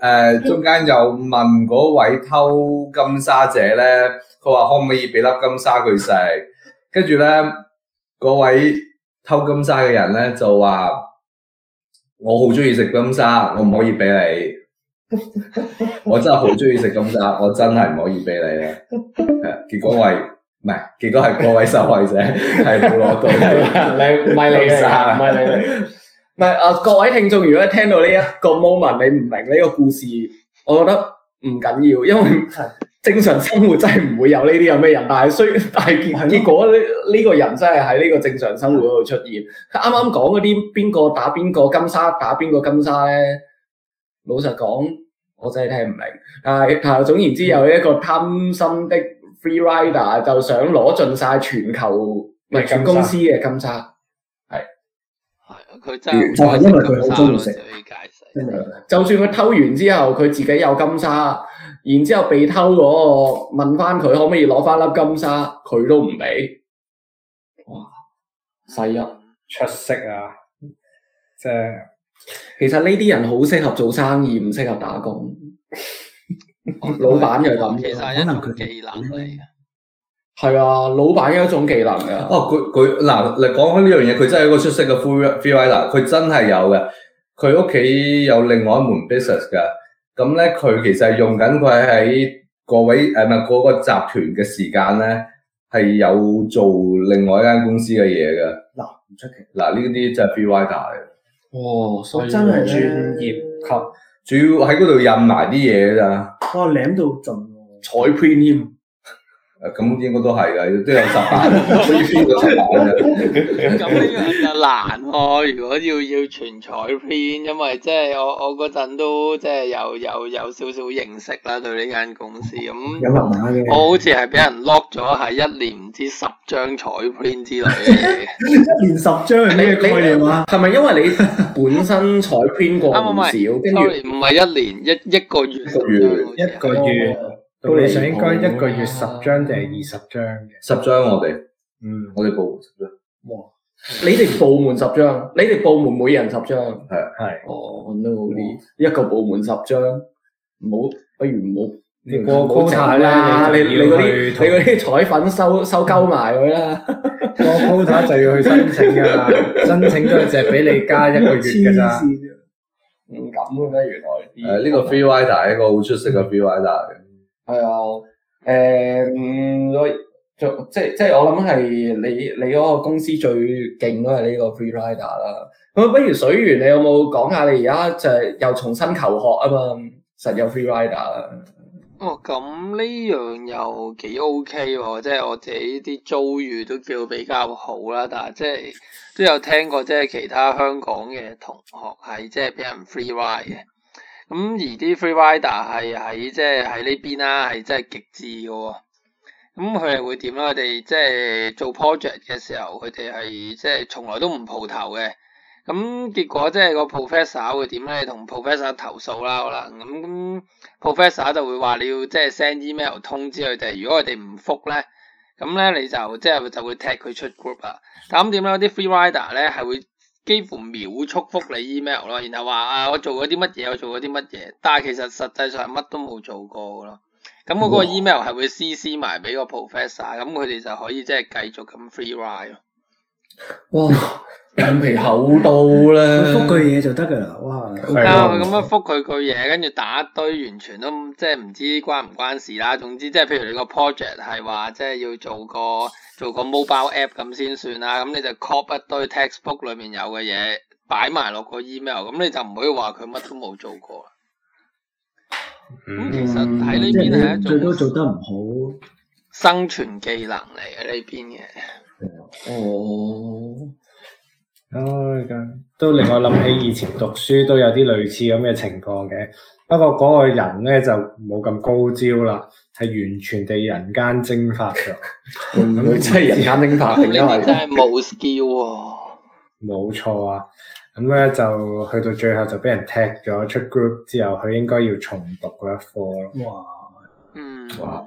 誒、呃、中間又問嗰位偷金沙者咧，佢話可唔可以俾粒金沙佢食？跟住咧，嗰位偷金沙嘅人咧就話：我好中意食金沙，我唔可以俾你。我真係好中意食金沙，我真係唔可以俾你。結果係唔係？結果係嗰位受害者係冇攞到， 你賣力曬，賣力曬。係，誒，各位聽眾，如果聽到呢一個 moment，你唔明呢個故事，我覺得唔緊要，因為正常生活真係唔會有呢啲咁嘅人。但係雖但係結果呢，呢個人真係喺呢個正常生活嗰度出現。啱啱講嗰啲邊個打邊個金莎，打邊個金莎咧？老實講，我真係聽唔明。但係，總言之，有一個貪心的 free rider 就想攞盡晒全球唔係公司嘅金莎。佢就係因為佢好中意食。真係，就算佢偷完之後，佢自己有金沙，然之後被偷嗰個，問翻佢可唔可以攞翻粒金沙，佢都唔俾。哇，細一、嗯、出色啊！即係，其實呢啲人好適合做生意，唔適合打工。哦、 老闆又咁，其實因為佢技能嚟係啊，老闆一種技能嘅。哦，佢佢嗱嚟講起呢樣嘢，佢真係一個出色嘅 free free rider，佢真係有嘅。佢屋企有另外一門 business 噶，咁咧佢其實係用緊佢喺各位誒唔係嗰個集團嘅時間咧，係有做另外一間公司嘅嘢嘅。嗱，唔出奇。嗱、哦、呢啲就係 free rider 嚟。哇，真係專業級，主要喺嗰度印埋啲嘢咋。哇、哦，靚到盡。彩配添。誒，咁應該都係噶，都有十萬，咁樣、 嗯、就難如果要要全彩 print，因為即係我我嗰陣都即係有有有少少認識啦，對呢間公司咁。嗯、我好似係俾人 lock 咗，係一年唔知十張彩 print 之類嘅。 一年十張你係咩概念啊？係咪你 因為你本身彩 print 過咁少？sorry，唔係一年，一一個一個月，一個月。到嚟上應該一個月十張定係二十張嘅。十張我哋，嗯，我哋部門十張。哇！你哋部門十張，你哋部門每人十張。係係。哦，都好啲，一個部門十張，唔好，不如唔好你過高價啦。你你你啲彩粉收收鳩埋佢啦。過高價就要去申請㗎，申請都只係俾你加一個月㗎咋。唔咁嘅咩？原來。誒，呢個 free rider 係一個好出色嘅 free rider。係啊，誒、嗯，我做即係即係我諗係你你嗰個公司最勁都係呢個 Free Rider 啦。咁不如水源，你有冇講下你而家就係又重新求學啊嘛？實有 Free Rider 啊？哦，咁呢樣又幾 OK 喎，即係我自己啲遭遇都叫比較好啦。但係即係都有聽過即係其他香港嘅同學係即係俾人 Free Ride 嘅。咁而啲 free rider 係喺即係喺呢邊啦，係真係極致嘅喎。咁佢哋會點咧？佢哋即係做 project 嘅時候，佢哋係即係從來都唔蒲頭嘅。咁結果即係個 professor 會點咧？同 professor 投訴啦，好啦咁咁 professor 就會話你要即係 send email 通知佢哋，如果佢哋唔覆咧，咁咧你就即係就會踢佢出 group 啊。咁點咧？啲 free rider 咧係會，幾乎秒速覆你 email 咯，然後話啊，我做過啲乜嘢，我做過啲乜嘢，但係其實實際上係乜都冇做過咯。咁我嗰個 email 係會 CC 埋俾個 professor，咁佢哋就可以即係繼續咁 free ride。哇眼皮厚到啦，覆句嘢就得㗎喇，哇！啊的，佢咁、嗯、樣覆佢句嘢，跟住打一堆完全都即係唔知關唔關事啦。總之即係譬如你個 project 係話即係、就是、要做個做個 mobile app 咁先算啦，咁你就 copy 一堆 textbook 裏面有嘅嘢擺埋落個 email，咁你就唔可以話佢乜都冇做過。嗯，即係、嗯、最多做得唔好，生存技能嚟嘅呢邊嘅哦。Oh. 唉，oh, yeah. 都令我諗起以前讀書都有啲類似咁嘅情況嘅，不過嗰個人咧就冇咁高招啦，係完全地人間蒸發咗，咁即係人間蒸發， 真係冇 skill，冇錯啊，咁咧、 啊、就去到最後就俾人踢咗出 group 之後，佢應該要重讀嗰一科咯，哇，嗯，哇。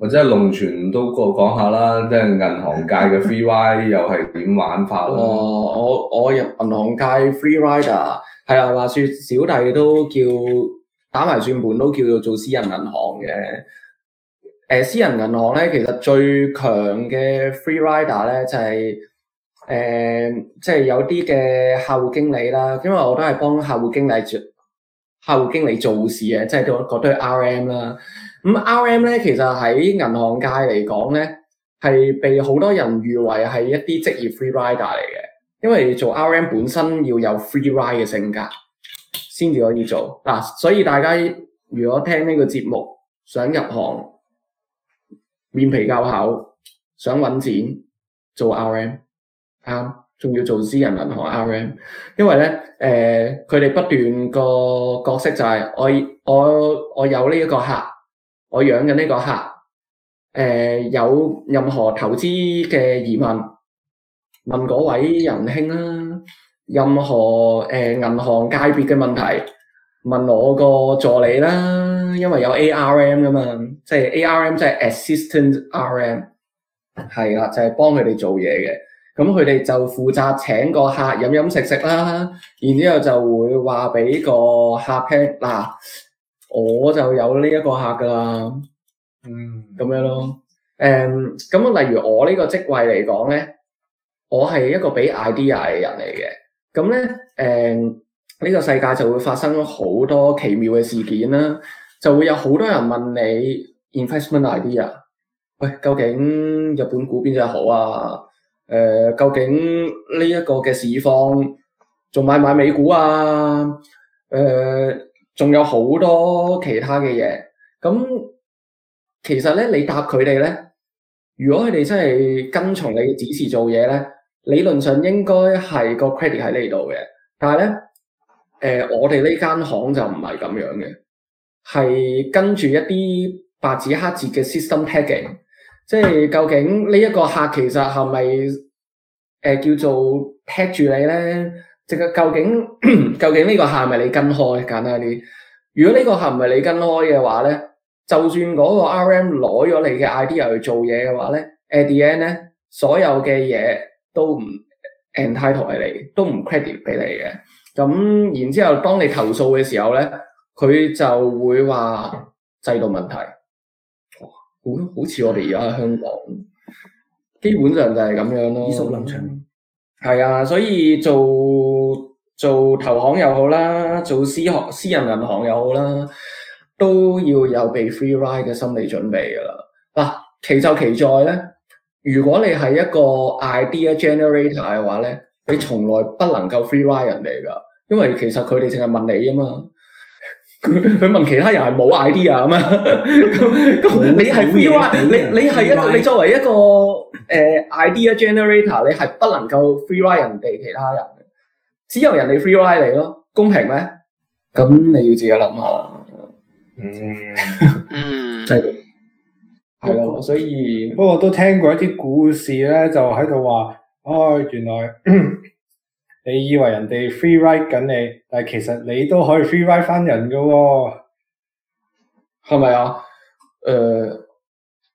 或者係龍泉都講講下啦，即係銀行界嘅 free rider 又係點玩法咧？哦，我我入銀行界 free rider，係啊，話説小弟都叫打埋算盤，都叫做做私人銀行嘅。誒、呃，私人銀行咧，其實最強嘅 free rider 咧，就係、是、誒，即、呃、係、就是、有啲嘅客戶經理啦，因為我都係幫客戶經理做，客戶經理做事嘅，即係都嗰堆 RM 啦。咁 R.M 咧，其實喺銀行界嚟講咧，係被好多人譽為係一啲職業 Free Rider 嚟嘅，因為做 R.M 本身要有 Free Rider 嘅性格先至可以做嗱、啊，所以大家如果聽呢個節目想入行，面皮夠厚，想揾錢做 R.M 啊，仲要做私人銀行 R.M，因為咧誒，佢、呃、哋不斷個角色就係、是、我我我有呢一個客。我養緊嘅呢個客，誒、呃、有任何投資嘅疑問，問嗰位仁兄啦。任何誒銀、呃、行界別嘅問題，問我個助理啦。因為有 A R M 噶嘛，即係 A R M 即係 Assistant R M，係啦，就係幫佢哋做嘢嘅。咁佢哋就負責請個客飲飲食食啦，然之後就會話俾個客聽嗱。我就有呢一個客噶啦、um,，嗯，咁樣咯，誒，咁例如我呢個職位嚟講咧，我係一個俾 idea 嘅人嚟嘅，咁咧，誒，呢、這個世界就會發生好多奇妙嘅事件啦，就會有好多人問你 investment idea，喂、哎，究竟日本股邊隻好啊？誒、呃，究竟呢一個嘅市況仲買唔買美股啊？誒、呃？仲有好多其他嘅嘢，咁其實咧，你答佢哋咧，如果佢哋真係跟從你指示做嘢咧，理論上應該係個 credit 喺呢度嘅。但係咧，誒、呃，我哋呢間行就唔係咁樣嘅，係跟住一啲白紙黑字嘅 system tagging，即係究竟呢一個客其實係咪誒叫做 tag 住你咧？即究竟 究竟呢個客係咪你跟開簡單啲？如果呢個客唔係你跟開嘅話咧，就算嗰個 RM 攞咗你嘅 idea 去做嘢嘅話咧，at the end 咧，所有嘅嘢都唔 entitle 係你，you, 都唔 credit 俾你嘅。咁然之後，當你投訴嘅時候咧，佢就會話制度問題。好，好似我哋而家喺香港基本上就係咁樣咯。 係啊，所以做做投行又好啦，做私行私人銀行又好啦，都要有被 free ride 嘅心理準備噶啦。嗱、啊，其就其在咧，如果你係一個 idea generator 嘅話咧，你從來不能夠 free ride 人哋噶，因為其實佢哋淨係問你啊嘛。佢佢問其他人係冇 idea 咁樣，咁你係 freeride，你你係一個你作為一個誒 idea generator，你係不能夠 freeride 人哋其他人，只有人哋 freeride 你咯，公平咩？咁你要自己諗下。嗯嗯，係咯，所以不過都聽過一啲故事咧，就喺度話，哦原來。你以為人哋 free ride 緊你，但係其實你都可以 free ride 翻人噶喎、哦，係咪啊？誒、呃，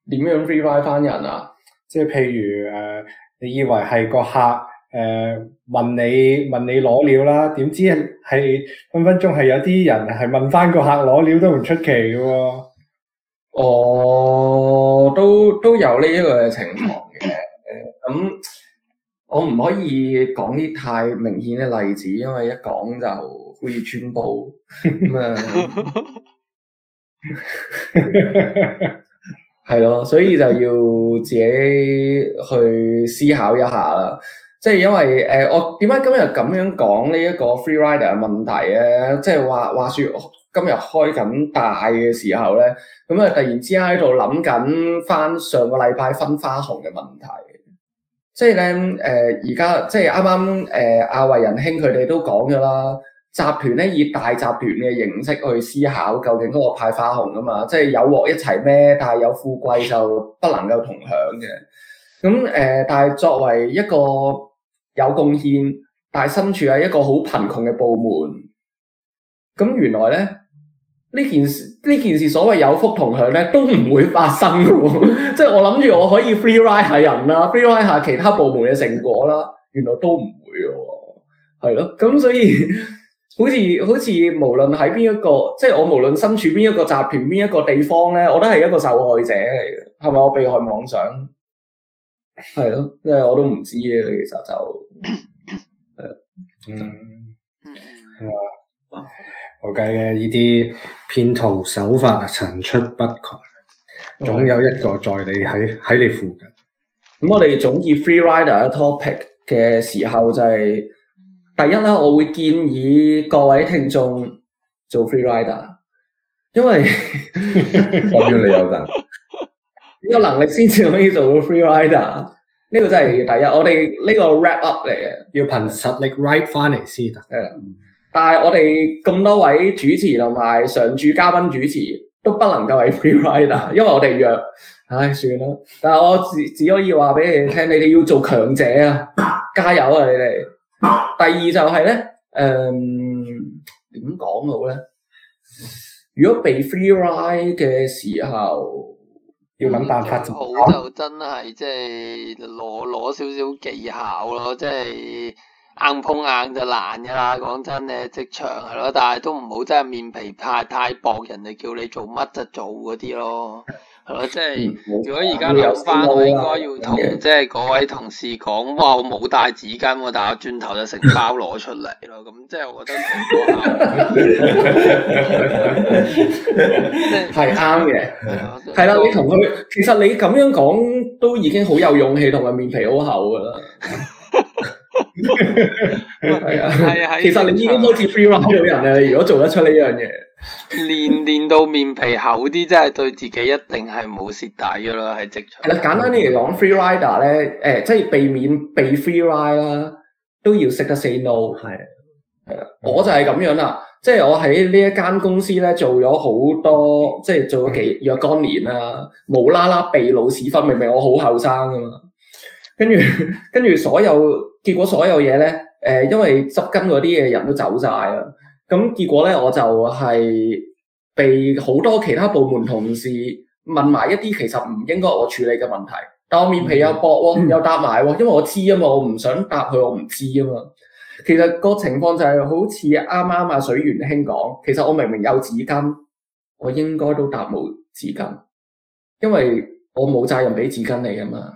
點樣 free ride 翻人啊？即係譬如誒、呃，你以為係個客誒、呃、問你問你攞料啦，點知係分分鐘係有啲人係問翻個客攞料都唔出奇噶喎、哦。哦，都都有呢一個情況嘅，咁、呃。嗯。我唔可以講啲太明顯嘅例子，因為一講就可以穿煲咁啊。係、嗯、咯， 所以就要自己去思考一下啦。即、就、係、是、因為誒、呃、我點解今日咁樣講呢一個 free rider 嘅問題咧？即、就、係、是、話話說今日開緊大嘅時候咧，咁啊突然之間喺度諗緊返上個禮拜分花紅嘅問題。即係咧，誒而家即係啱啱誒阿惠仁兄佢哋都講嘅啦，集團咧以大集團嘅形式去思考，究竟嗰個派花紅啊嘛，即係有鑊一齊孭？但係有富貴就不能夠同享嘅。咁、嗯、誒、呃，但係作為一個有貢獻，但係身處喺一個好貧窮嘅部門，咁原來咧呢件事。呢件事所謂有福同享咧，都唔會發生嘅喎、哦。 即係我諗住我可以 free ride 下人啦 free ride 下其他部門嘅成果啦，原來都唔會嘅喎、哦。係咯，咁所以好似好似無論喺邊一個，即係我無論身處邊一個集團、邊一個地方咧，我都係一個受害者嚟嘅。係咪我被害妄想？係咯，即係我都唔知嘅其實就，嗯，係、嗯、啊。我計嘅呢啲騙徒手法層出不窮，總有一個在你喺喺你附近。咁、嗯、我哋總結 free rider 嘅 topic 嘅時候、就是，就係第一啦，我會建議各位聽眾做 free rider 因為 我要你有噶，呢、這個能力先至可以做 free rider 呢個真係第一，我哋呢、這個 wrap up 嚟嘅，要憑實力 ride 翻嚟先得。嗯但係我哋咁多位主持同埋常駐嘉賓主持都不能夠係 free ride 啦，因為我哋弱。唉算啦，但係我只只可以話俾你哋聽，你哋要做強者啊，加油啊你哋！第二就係咧，誒點講好咧？如果被 free ride 嘅時候，嗯、要揾辦法就唔好，啊、就真係即係攞攞少少技巧咯，即係。硬碰硬就難噶啦，講真你職場係咯，但係都唔好真係面皮太太薄，人哋叫你做乜就做嗰啲咯，係咯，即係、嗯、如果而家你有翻，我應該要同即係嗰位同事講，哇，иной, 我冇帶紙巾，我打轉頭就成包攞出嚟咯，咁即係我覺得係啱嘅，係啦，你同佢，其實你咁樣講都已經好有勇氣同埋面皮好厚噶啦。 係啊，係啊，其實你已經好似 free rider 人啦。你如果做得出呢樣嘢，練 練到面皮厚啲，真係對自己一定係冇蝕底噶啦，係職場。係啦，簡單啲嚟講 free rider 咧，誒、欸，即係避免被 free ride 啦，都要識得 say no 的。係，係啊，我就係咁樣啦。嗯、即係我喺呢一間公司咧，做咗好多，即係做咗幾若干、嗯、年啦，無啦啦被老屎忽，明明，明我好後生噶嘛。跟住，跟住所有。結果所有嘢咧，誒、呃，因為執根嗰啲嘢人都走晒啦，咁、嗯、結果咧，我就係被好多其他部門同事問埋一啲其實唔應該我處理嘅問題，但我面皮又薄喎、啊，又搭埋喎，因為我知啊嘛，我唔想搭佢，我唔知啊嘛。其實個情況就係、是、好似啱啱啊水源兄講，其實我明明有紙巾，我應該都答冇紙巾，因為我冇責任俾紙巾你啊嘛。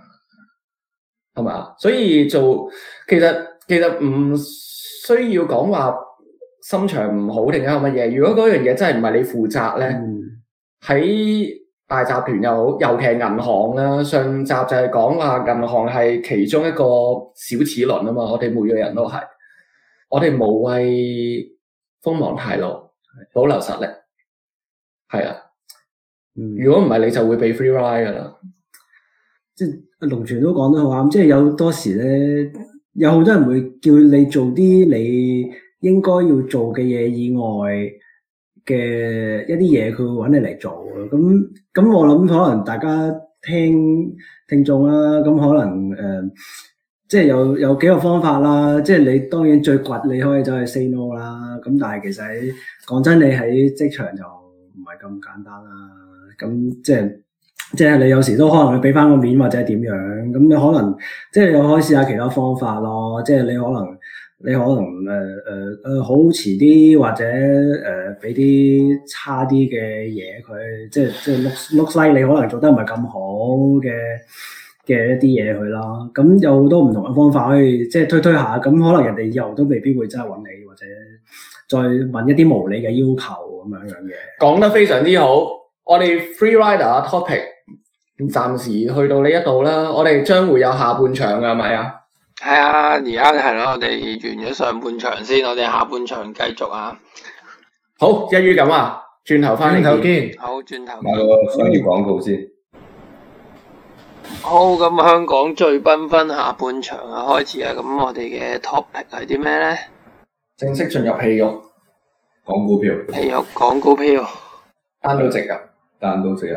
係嘛，所以做其實其實唔需要講話心腸唔好定係乜嘢。如果嗰樣嘢真係唔係你負責咧，喺、嗯、大集團又好，尤其係銀行啦、啊。上集就係講話銀行係其中一個小齒輪啊嘛。我哋每個人都係，我哋無謂鋒芒太露，保留實力係啊。嗯、如果唔係，你就會俾 free ride 噶啦。即係阿龍泉都講得好啱，即係有多時咧，有好多人會叫你做啲你應該要做嘅嘢以外嘅一啲嘢，佢會揾你嚟做嘅。咁咁我諗可能大家聽聽眾啦，咁可能誒、呃，即係有有幾個方法啦。即係你當然最掘你可以走去 say no 啦。咁但係其實講真，你喺職場就唔係咁簡單啦。咁即係。即係你有時都可能你俾翻個面或者點樣咁，你可能即係又可以試下其他方法咯。即係你可能你可能誒誒誒好遲啲或者誒俾啲差啲嘅嘢佢，即係即係 look look 西、like，你可能做得唔係咁好嘅嘅一啲嘢佢咯。咁有好多唔同嘅方法可以即係推推下。咁可能人哋以後都未必會真係揾你，或者再問一啲無理嘅要求咁樣樣嘅。講得非常之好。我哋 Free Rider topic。暫時去到呢一度啦，我哋將會有下半場嘅係咪啊？係啊，而家係咯，我哋完咗上半場先，我哋下半場繼續啊！好，一於咁啊，轉頭翻嚟。頭先、嗯，好，轉頭翻嚟。商業廣告先。好，咁香港最繽紛下半場啊，開始啊！咁我哋嘅 topic 係啲咩咧？正式進入戲肉，講股票。戲肉講股票，單刀直入，單刀直入。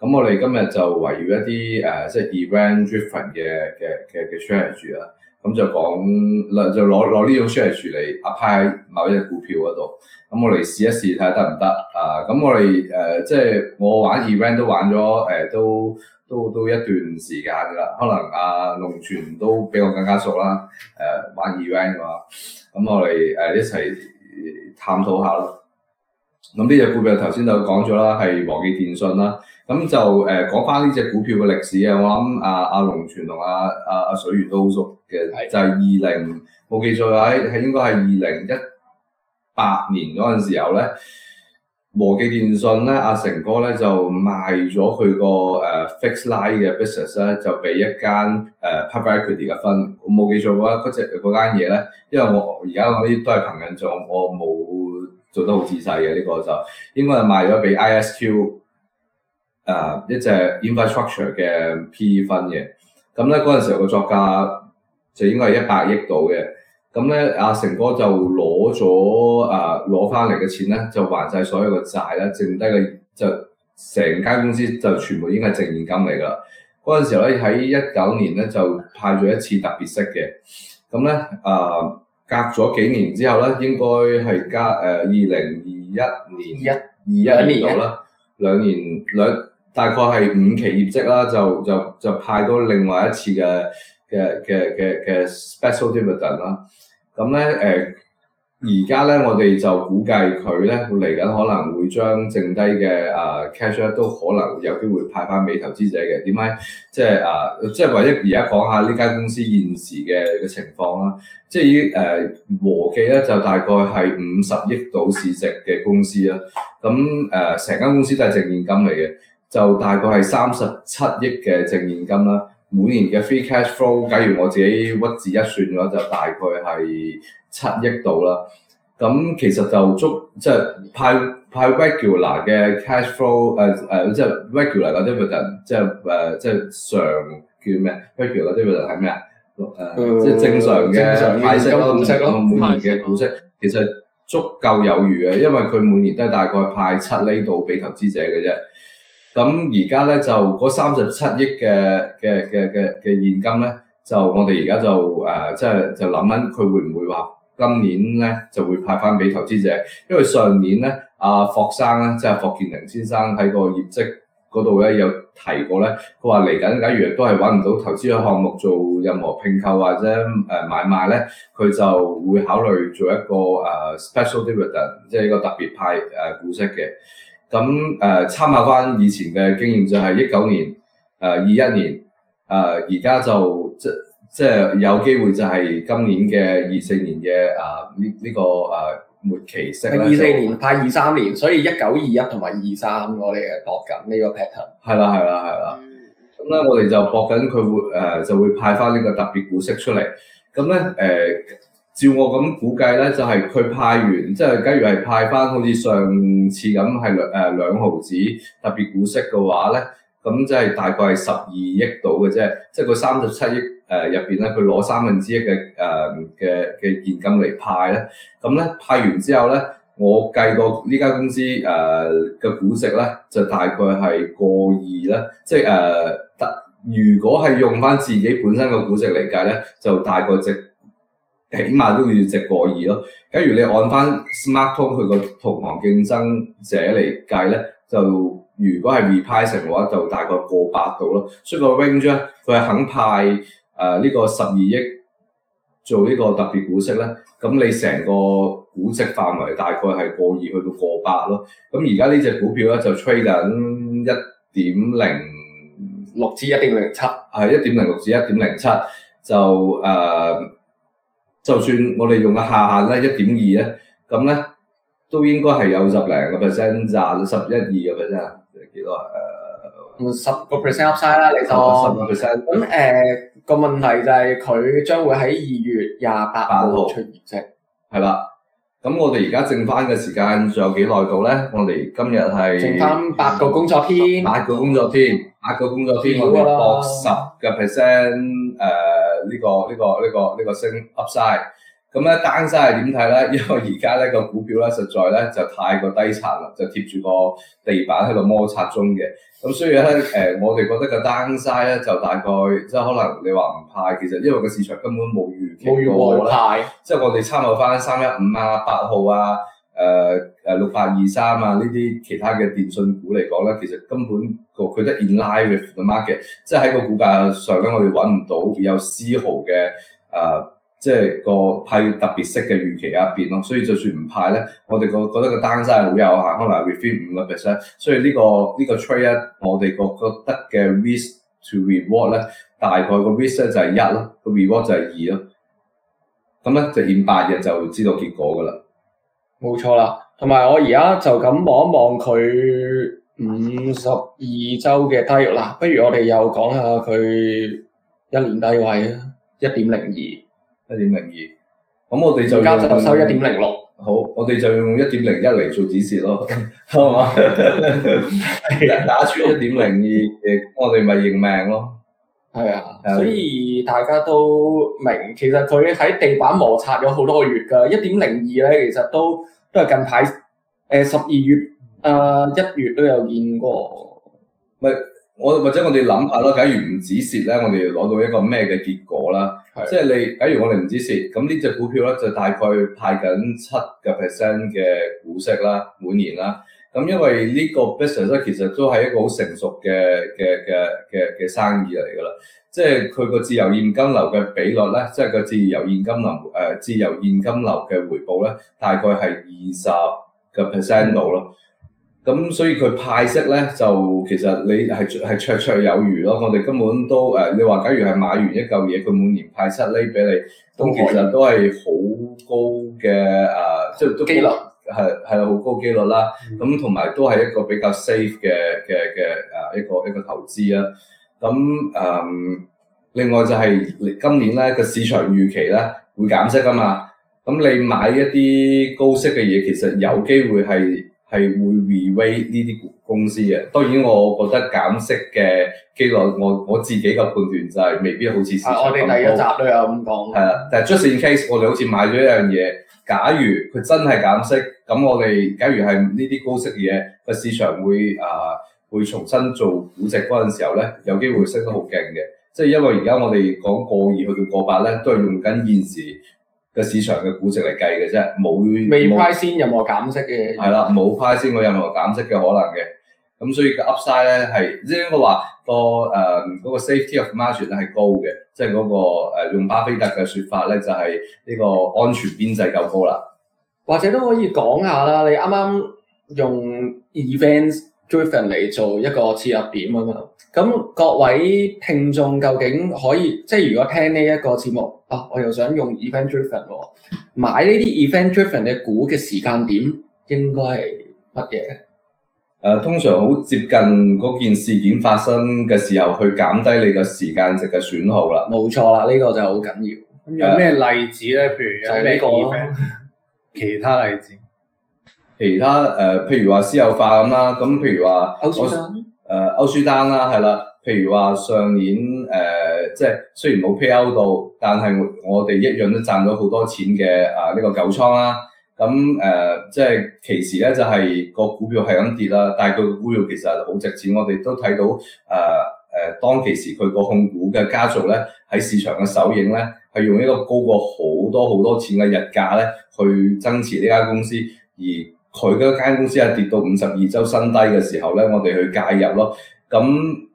咁我哋今日就圍繞一啲誒、呃，即係 event driven 嘅嘅嘅嘅 strategy 啦。咁就講、呃，就攞攞呢種 strategy 嚟 apply 某隻股票嗰度。咁我哋試一試睇下得唔得啊？咁我哋誒、呃，即係我玩 event 都玩咗誒、呃，都都都一段時間噶啦。可能阿、啊、龍泉都比我更加熟啦。誒、呃，玩 event 嘅話，咁我哋誒、呃、一齊探討下咯。咁呢隻股票頭先就講咗啦，係和記電訊啦。咁就誒講翻呢隻股票嘅歷史啊，我諗阿阿龍泉同阿阿阿水魚都好熟嘅，就係二零冇記錯啦，喺喺應該係二零一八年嗰陣時候咧，和記電訊咧，阿、啊、成哥咧就賣咗佢個誒 fixed line 嘅 business 咧，就俾一間誒 private equity 嘅分，uh, fund, 我冇記錯嘅話，嗰隻嗰間嘢咧，因為我而家講啲都係憑住，我冇做得好仔細嘅呢、呢個就應該係賣咗俾 ISQ。啊！Uh, 一隻 infrastructure 嘅 PE Fund 嘅，咁咧嗰陣時候個作價就應該係一百億度嘅，咁咧阿成哥就攞咗啊攞翻嚟嘅錢咧，就還晒所有嘅債啦，剩低嘅就成間公司就全部應該係淨現金嚟㗎。嗰、嗯、陣時候咧喺一九年咧就派咗一次特別息嘅，咁、嗯、咧啊隔咗幾年之後咧應該係加誒、啊、一二零二一年二一兩年咧兩年兩。大概係五期業績啦，就就就派到另外一次嘅嘅嘅嘅嘅 special dividend 啦。咁咧誒，而家咧我哋就估計佢咧，嚟緊可能會將剩低嘅啊 cash 咧，都可能有機會派翻俾投資者嘅。點解？即係啊、呃，即係唯一而家講下呢間公司現時嘅嘅情況啦。即係以誒、呃、和記咧，就大概係五十億到市值嘅公司啦。咁、嗯、誒，成、呃、間公司都係淨現金嚟嘅。就大概係三十七億嘅淨現金啦。每年嘅 free cash flow，假如我自己屈指一算嘅話，就大概係七億度啦。咁其實就足即係派派 regular 嘅 cash flow，誒誒即係 regular 嗰啲叫做即係誒即係常叫咩 regular 嗰啲叫做係咩啊？誒、啊、即係、啊啊、正常嘅派息咯，嗯、每年嘅股息其實足夠有餘嘅，的因為佢每年都係大概派七厘度俾投資者嘅啫。咁而家咧就嗰三十七億嘅嘅嘅嘅嘅現金咧，就我哋而家就誒，即、呃、係就諗緊佢會唔會話今年咧就會派翻俾投資者，因為上年咧阿、啊、霍生咧，即、就、係、是、霍建寧先生喺個業績嗰度咧有提過咧，佢話嚟緊假如都係揾唔到投資嘅項目做任何拼購或者誒買賣咧，佢就會考慮做一個誒 special dividend，即係一個特別派誒、呃、股息嘅。咁誒參考翻以前嘅經驗，就係一九年、誒二一年、誒而家就即即係有機會就係今年嘅二四年嘅啊呢呢、這個誒、啊、末期息。二四年派二三年，所以一九二一同埋二三，嗯、我哋係搏緊呢個 pattern。係啦係啦係啦。咁咧，我哋就搏緊佢會誒就會派翻呢個特別股息出嚟。咁咧誒。呃照我咁估計咧，就係、是、佢派完，即、就、係、是、假如係派翻，好似上次咁係誒兩毫子，特別股息嘅話咧，咁即係大概係十二億到嘅啫。即係佢三十七億誒入邊咧，佢攞三分之一嘅誒嘅嘅現金嚟派咧，咁咧派完之後咧，我計過呢間公司誒嘅、呃、股值咧，就大概係過二咧，即係誒得。如果係用翻自己本身嘅股值嚟計咧，就大概值。起碼都要值過二咯，假如你按翻 Smart 通佢個同行競爭者嚟計咧，就如果係 repricing 嘅話，就大概過百度咯。所以個 range 佢係肯派誒呢、呃這個十二億做呢個特別股息咧，咁你成個股息範圍大概係過二去到過百咯。咁而家呢隻股票咧就吹 r 一點零六至一點零七，係一點零六至一點零七就誒。呃就算我哋用嘅下限咧，一點二咧，咁咧都應該係有十零個 percent，廿十一二個 percent，幾多啊？呃、十個 percent upside 啦，你就十個 percent。咁誒個問題就係、是、佢將會喺二月廿八號出業績，係啦。咁我哋而家剩翻嘅時間仲有幾耐到咧？我哋今日係剩翻八個工作天，八個工作天，八個工作天，我哋博十個 percent 誒。呃嗯、side，呢個呢個呢個呢個升 Upside，咁咧 downside 點睇咧？因為而家呢個股票咧實在咧就太過低殘啦，就貼住個地板喺度摩擦中嘅。咁、嗯、所以咧誒、呃，我哋覺得個 downside 咧就大概即係可能你話唔派，其實因為個市場根本冇預期冇派，即係我哋參考翻三一五啊、八號啊。誒誒六八二三啊！呢啲其他嘅電訊股嚟講咧，其實根本個佢都 in line with the market，即係喺個股價上咧，我哋揾唔到有絲毫嘅誒，即、uh, 係個派特別息嘅預期壓變咯。所以就算唔派咧，我哋個覺得，覺得個 downside 好有限，可能 within 五個 percent。所以呢、呢個呢、呢個 trade，我哋個覺得嘅 risk to reward 咧，大概個 risk 咧就係一咯，個 reward 就係二咯。咁咧就現八日就知道結果噶啦。冇錯啦，同埋我而家就咁望一望佢五十二周嘅低率啦，不如我哋又講下佢一年低位啊，一點零二，一點零二，咁、嗯、我哋就而家就收一點零六，好，我哋就用一點零一嚟做指示咯，係嘛， 打穿一點零二，我哋咪認命咯。係啊，所以大家都明，其實佢喺地板摩擦咗好多個月噶，一點零二咧，其實都都係近排，誒十二月啊呃一月都有見過。咪、嗯、我或者我哋諗下咯，假如唔止蝕咧，我哋攞到一個咩嘅結果啦？的即係你假如我哋唔止蝕，咁呢隻股票咧就大概派緊七個 percent 嘅股息啦，每年啦。咁、嗯、因為呢個 business 咧，其實都係一個好成熟嘅嘅嘅嘅嘅生意嚟㗎啦。即係佢個自由現金流嘅比率咧，即係個自由現金流誒、呃、自由現金流嘅回報咧，大概係二十個 percent 到咯。咁、嗯嗯嗯、所以佢派息咧，就其實你係係綽綽有餘咯。我哋根本都誒、呃，你話假如係買完一嚿嘢，佢每年派七厘俾你，咁其實都係好高嘅誒，即係都幾難。係係好高機率啦，咁同埋都係一個比較 safe 嘅嘅嘅啊，一個一個投資啊，咁、嗯、誒另外就係、是、今年咧，個市場預期咧會減息噶嘛，咁你買一啲高息嘅嘢，其實有機會係係會 reweigh 呢啲公司嘅。當然我覺得減息嘅機率，我我自己嘅判斷就係未必好似市場咁好。我哋第一集都有咁講。係啊，但係 just in case 我哋好似買咗一樣嘢，假如佢真係減息。咁我哋假如係呢啲高息嘢，個市場會啊會重新做估值嗰陣時候咧，有機會升得好勁嘅。即係因為而家我哋講過二去到過百咧，都係用緊現時個市場嘅估值嚟計嘅啫，冇未 price in 任何減息嘅。係啦，冇 price in 過任何減息嘅可能嘅。咁、嗯、所以個 Upside 咧係即係我話個誒嗰個、uh, Safety of Margin 咧係高嘅，即係嗰、嗰個、啊、用巴菲特嘅説法咧就係、係、呢個安全邊際夠高啦。或者都可以講下啦，你啱啱用 event driven 嚟做一個切入點啊嘛。咁各位聽眾究竟可以即係如果聽呢一個節目啊，我又想用 event driven 買呢啲 event driven 嘅股嘅時間點應該係乜嘢咧？誒、啊，通常好接近嗰件事件發生嘅時候去減低你個時間值嘅損耗啦。冇錯啦，呢、呢個就好緊要。有咩例子咧？譬如有咩 e v 其他例子，其他誒、呃，譬如話私有化咁啦，咁譬如話，歐舒丹，誒、呃，歐舒丹啦，係啦，譬如話上年誒、呃，即係雖然冇 P.O. 到，但係我哋一樣都賺到好多錢嘅啊呢、這個九倉啦，咁、啊、誒，即係其實咧就係個股票係咁跌啦，但係佢個股票其實係好值錢，我哋都睇到誒。啊誒、呃、當其時佢個控股嘅家族咧，喺市場嘅首映咧，係用一個高過好多好多錢嘅日價咧，去增持呢間公司，而佢嗰間公司係跌到五十二周新低嘅時候咧，我哋去介入咯。咁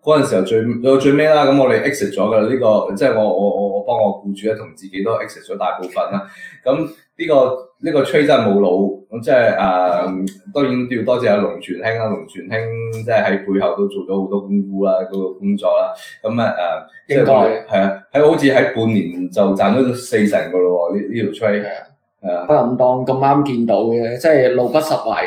嗰陣時候最到最尾啦，咁、嗯、我哋 exit 咗噶啦，呢、這個即係我我我我幫我僱主咧同自己都 exit 咗大部分啦。咁、嗯、呢、這個。呢個 trade 真係冇腦，咁即係誒，當、嗯、然都要多謝阿龍泉兄啦，龍泉兄即係喺背後都做咗好多功夫啦，嗰、那個工作啦，咁誒誒，應該係啊，喺、嗯、好似喺半年就賺咗四成噶咯喎，呢呢條 trade。r a 可能唔當咁啱見到嘅，即係路不拾遺。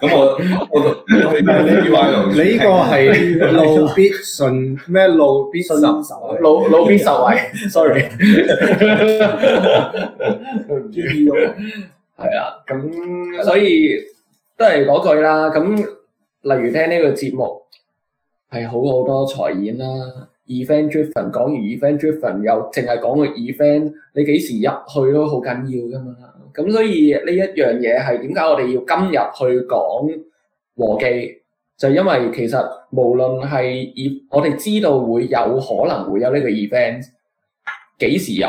咁我我呢啲你呢個係路必順咩？路必順路路必拾遺。Sorry，唔係啊，咁、啊嗯、所以都係嗰句啦。咁例如聽呢個節目係好好多財演啦。Event Driven 講完 Event Driven 又淨係講個 Event，你幾時入去都好緊要噶嘛。咁所以呢一樣嘢係點解我哋要今日去講和記？就因為其實無論係以我哋知道會有可能會有呢個 Event，幾時入？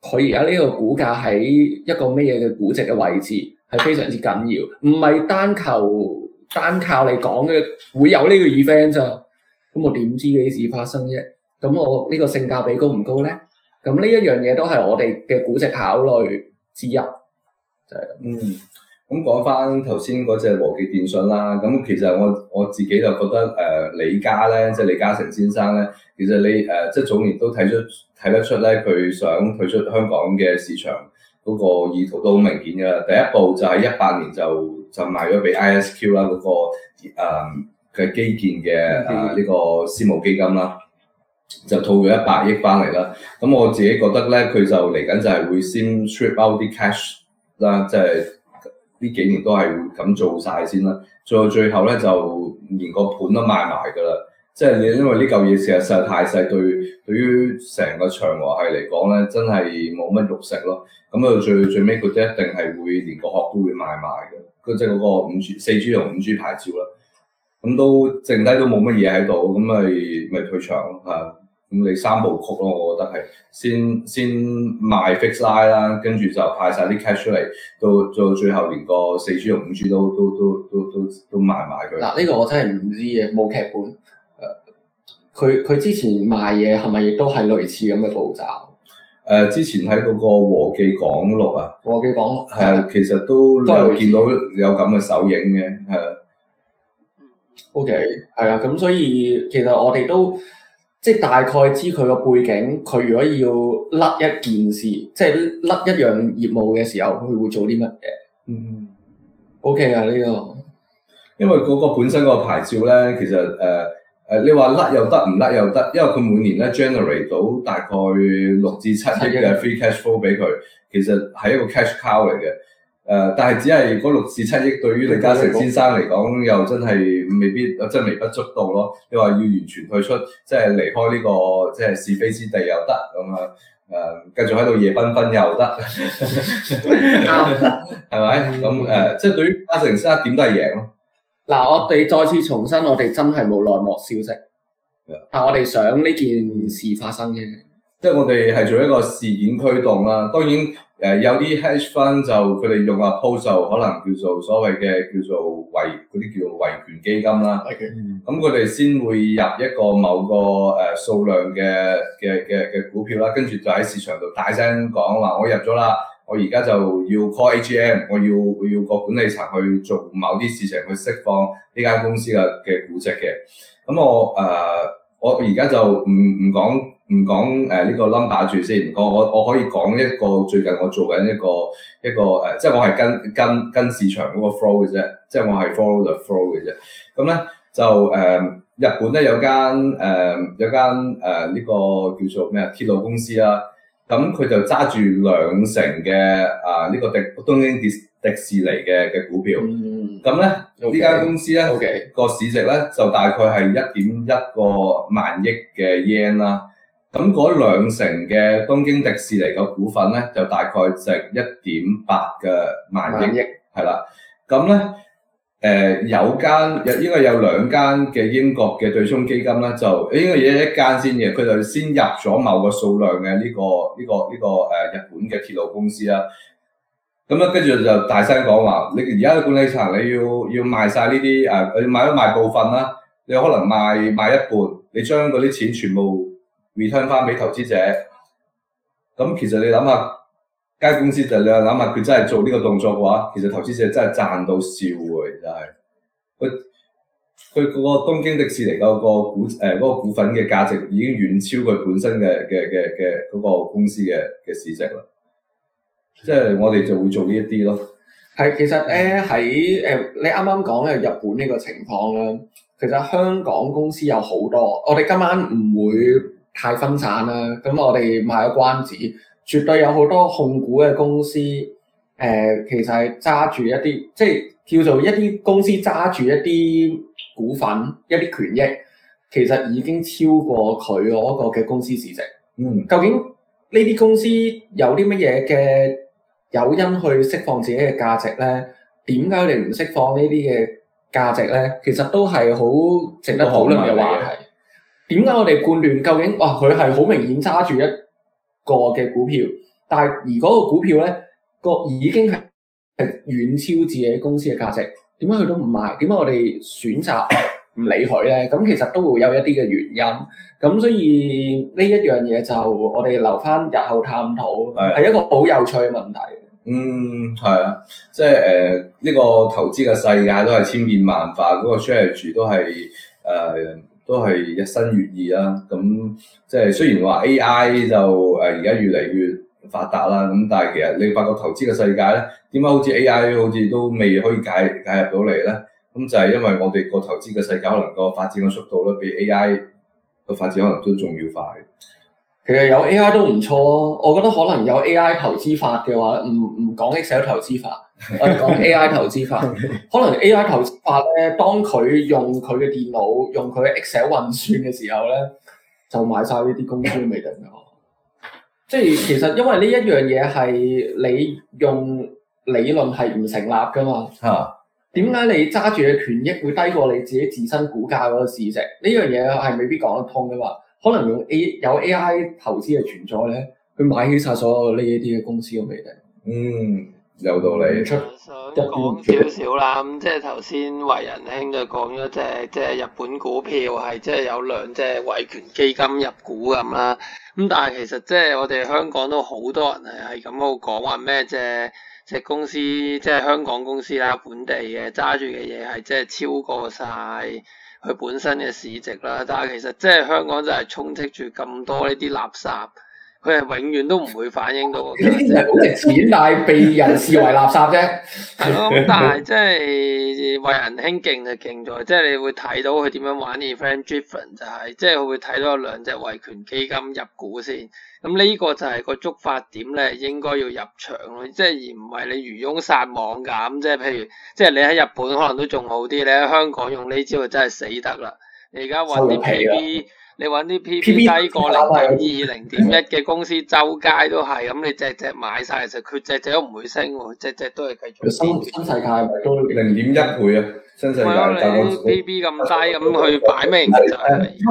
佢而家呢個股價喺一個咩嘅估值嘅位置係非常之緊要，唔係單求單靠你講嘅會有呢個 Event 咋啊。咁我點知呢啲事發生啫？咁我呢個性價比高唔高咧？咁呢一樣嘢都係我哋嘅估值考慮之一。就係嗯，咁講翻頭先嗰隻和記電訊啦。咁其實我我自己就覺得誒、呃、李家咧，即係李嘉誠先生咧，其實你誒、呃、即係總然都睇出睇得出咧，佢想退出香港嘅市場嗰、那個意圖都好明顯㗎喇。第一步就係一八年就就賣咗俾 I S Q 啦，嗰、那個、嗯嘅基建嘅啊，呢個私募基金啦，就套咗一百億翻嚟啦。咁我自己覺得咧，佢就嚟緊就係會先 trip out 啲 cash 啦，即係呢幾年都係會咁做晒先啦。做到最後咧，就連個盤都賣埋㗎啦。即係你因為呢嚿嘢事實實在太細，對對於成個長和係嚟講咧，真係冇乜肉食咯。咁啊最最尾佢都一定係會連個殼都會賣埋嘅，即係嗰個五 G 四 G 同五 G 牌照啦。咁都剩低都冇乜嘢喺度，咁咪咪退場咯吓。咁、啊、你三部曲咯，我覺得係先先賣 fix line 啦，跟住就派晒啲 cash 出嚟，到到最後連個四 G、同五 G 都都都都都都賣埋佢。嗱、啊，呢、這個我真係唔知嘅，冇劇本。誒、啊，佢佢之前賣嘢係咪亦都係類似咁嘅步驟？誒、啊，之前喺嗰個和記港陸啊，和記港陸係啊，就是、其實都有都見到有咁嘅首映嘅，係。啊 O K，係啊，咁、okay, 所以其實我哋都即係大概知佢個背景，佢如果要甩一件事，即係甩一樣業務嘅時候，佢會做啲乜嘢嗯，O、okay, K 啊，這個、個呢個、呃，因為嗰個本身個牌照咧，其實誒誒，你話甩又得，唔甩又得，因為佢每年咧 generate 到大概六至七億嘅 free cash flow 俾佢，的其實係一個 cash cow 嚟嘅。誒，但係只係如果六至七億對於李嘉誠先生嚟講，又真係未必真微不足道咯。你話要完全退出，即係離開呢個即係是非之地又得咁樣，誒，繼續喺度夜繽紛又得，係咪？咁誒，即係對於嘉誠先生點都係贏咯。嗱，我哋再次重申，我哋真係冇內幕消息，但我哋想呢件事發生嘅。即係我哋係做一個事件驅動啦，當然誒有啲 hedge fund 就佢哋用 Post，就可能叫做所謂嘅叫做維嗰啲叫做維權基金啦。咁佢哋先會入一個某個誒、呃、數量嘅嘅嘅嘅股票啦，跟住就喺市場度大聲講話，我入咗啦，我而家就要 call AGM，我要我要個管理層去做某啲事情去釋放呢間公司嘅嘅估值嘅，咁、嗯、我誒。呃我而家就唔唔講唔講誒呢個 number 住先，唔我我可以講一個最近我做緊一個一個誒、呃，即係我係跟跟跟市場嗰個 flow 嘅啫，即係我係 follow the flow 嘅啫。咁、嗯、咧就誒、呃、日本咧有間誒、呃、有間誒呢個叫做咩啊鐵路公司啦、啊，咁、嗯、佢就揸住兩成嘅啊呢個東京迪士尼嘅嘅股票，咁咧、嗯、呢間 Okay, 公司咧 okay. 個市值咧就大概係一點一個萬億嘅 yen 啦。咁嗰兩成嘅東京迪士尼嘅股份咧，就大概值一點八嘅萬億，係億啦。咁咧誒有間有應該有兩間嘅英國嘅對沖基金咧，就應該有一間先嘅，佢就先入咗某個數量嘅呢、這個呢、這個呢、這個誒、這個呃、日本嘅鐵路公司啦、啊。咁咧，跟住就大聲講話，你而家嘅管理層，你要要賣晒呢啲誒，你、啊、賣都賣部分啦，你可能賣賣一半，你將嗰啲錢全部 return 翻俾投資者。咁其實你諗下，間公司就、你又諗下，佢真係做呢個動作嘅話，其實投資者真係賺到笑回。就係佢佢個東京迪士尼嗰、個股誒嗰、呃個、股份嘅價值已經遠超佢本身嘅嘅嘅嘅嗰個公司嘅嘅市值啦。即係我哋就會做呢一啲咯。係，其實咧喺誒你啱啱講嘅日本呢個情況啦，其實香港公司有好多，我哋今晚唔會太分散啦。咁我哋賣咗關子，絕對有好多控股嘅公司誒、呃，其實係揸住一啲，即係叫做一啲公司揸住一啲股份、一啲權益，其實已經超過佢嗰個嘅公司市值。嗯，究竟呢啲公司有啲乜嘢嘅？有因去釋放自己嘅價值呢？點解我哋唔釋放呢啲嘅價值呢？其實都係好值得討論嘅話題。點解我哋判斷究竟，哇佢係好明顯揸住一個嘅股票，但係而嗰個股票呢個已經係係遠超自己公司嘅價值，點解佢都唔賣？點解我哋選擇唔理佢呢？咁其實都會有一啲嘅原因。咁所以呢一樣嘢就我哋留翻日後探討，係的一個好有趣嘅問題。嗯，係啊，即係誒呢個投資嘅世界都係千變萬化，嗰個 strategy 都係誒、呃、都係日新月異啦。咁即係雖然話 AI 就誒而家越嚟越發達啦，咁但係其實你發覺投資嘅世界咧，點解好似 AI 好似都未可以介，介入到嚟咧？咁就係因為我哋個投資嘅世界可能個發展嘅速度咧，比 AI 嘅發展可能都仲要快。其實有 AI 都唔錯啊！我覺得可能有 AI 投資法嘅話，唔唔講 Excel 投資法，講 AI 投資法。 可能 AI 投資法咧，當佢用佢嘅電腦，用佢嘅 Excel 運算嘅時候咧，就買晒呢啲公司都未定㗎。即係 其實因為呢一樣嘢係你用理論係唔成立㗎嘛？嚇！點解你揸住嘅權益會低過你自己自身股價嗰個市值？呢樣嘢係未必講得通㗎嘛？可能用 A 有 AI 投資嘅存在咧，佢買起晒所有呢一啲嘅公司都未定。嗯，有道理。想講少少啦，咁即係頭先惠仁兄就講咗，即係即係日本股票係即係有兩隻維權基金入股咁啦。咁但係其實即係我哋香港都好多人係係咁喺度講話咩？即係即係公司，即係香港公司啦，本地嘅揸住嘅嘢係即係超過晒。佢本身嘅市值啦，但係其實即係香港就係充斥住咁多呢啲垃圾。佢係永遠都唔會反映到，呢啲係好值錢， 但係被人視為垃圾啫。係咯，咁但係即係為人輕勁嘅勁在，即係你會睇到佢點樣玩。Event Driven 就係，即係佢會睇到兩隻維權基金入股先。咁呢個就係個觸發點咧，應該要入場咯，即係而唔係你漁翁撒網㗎。咁即係譬如，即係你喺日本可能都仲好啲，你喺香港用呢招就真係死得啦。你而家揾啲皮啲。你揾啲 P B 低過零點二零點一嘅公司， 周街都係，咁你隻隻買晒，其實佢隻隻都唔會升喎，隻隻都係繼續新新世界是是都零點一倍啊！新世界，但係 P B 咁低，咁 去擺咩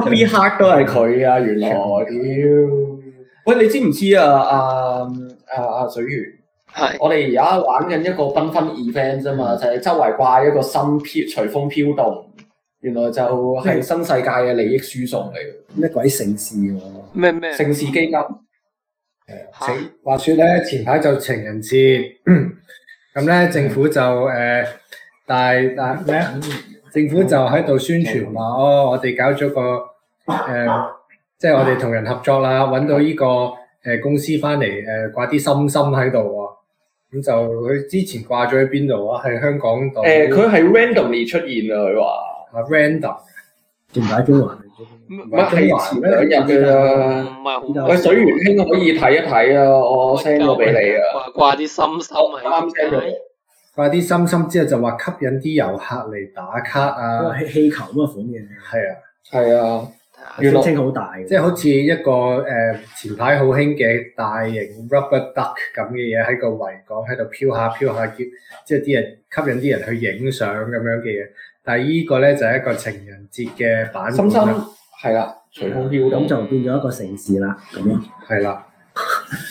？P B h 都係佢啊！原來，屌，喂，你知唔知啊？阿阿阿水源，係，是的 我哋而家玩緊一個繽紛 event 啫嘛，就係、是、周圍掛一個心飄，隨風飄動。原來就係新世界嘅利益輸送嚟，咩鬼城市喎，啊？咩咩？城市基金誒，啊啊、話說咧前排就情人節咁咧，政府就誒、呃，但係但係咩、啊、政府就喺度宣傳話哦，嗯、我哋搞咗個誒、呃啊、即係我哋同人合作啦，搵到呢個誒公司翻嚟，誒掛啲心心喺度，咁、嗯、就佢之前掛咗喺邊度啊？喺香港度誒，佢係、呃、randomly 出現啊！佢話。啊，random，點解中環？乜睇前兩日嘅啦，唔係好。喂，水源兄可以睇一睇啊，我 send 咗俾你啊。掛掛啲心心咪啱嘅，掛啲心心之後就話吸引啲遊客嚟打卡啊，氣氣球咁嘅款型。係啊，係啊，聲聲好大嘅，即係好似一個誒前排好興嘅大型 rubber duck 咁嘅嘢喺個維港喺度飄下飄下，叫即係啲人吸引啲人去影相咁樣嘅嘢。但係依個咧就係、是、一個情人節嘅版，心心係啦，啊啊、隨票咁就變咗一個城市啦，咁、嗯、樣係啦，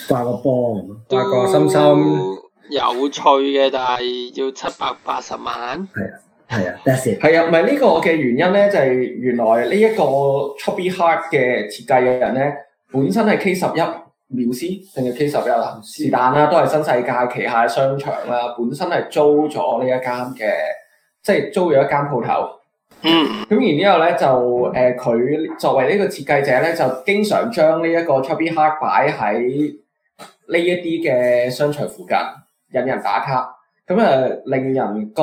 發、啊、個波咁，發個心心有趣嘅，但係要七百八十萬，係啊，係啊 That's it 係啊，唔係呢個嘅原因咧，就係、是、原來呢一個 Chubby Heart 嘅設計嘅人咧，本身係 K 十一 Musea 定係 K 十一是但啦，都係新世界旗下商場啦，本身係租咗呢一間嘅。即係租咗一間鋪頭，咁、嗯、然之後咧就誒，佢、呃、作為呢個設計者咧，就經常將呢一個 Chubby Hearts 擺喺呢一啲嘅商場附近，引人打卡，咁、嗯、啊，令人覺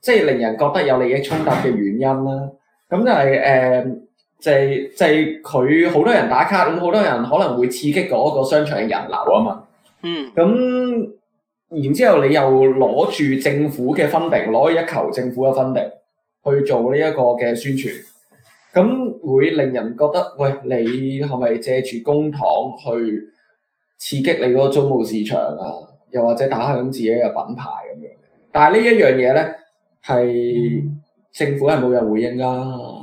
即係令人覺得有利益衝突嘅原因啦。咁就係誒，就係、是呃、就係佢好多人打卡，咁、嗯、好多人可能會刺激嗰個商場嘅人流啊嘛。嗯，咁、嗯。然之後你又攞住政府嘅分力，攞一球政府嘅分力去做呢一個嘅宣傳，咁會令人覺得喂，你係咪借住公帑去刺激你嗰個租務市場啊？又或者打響自己嘅品牌咁、啊、樣？但係呢一樣嘢呢，係、嗯、政府係冇人回應啦。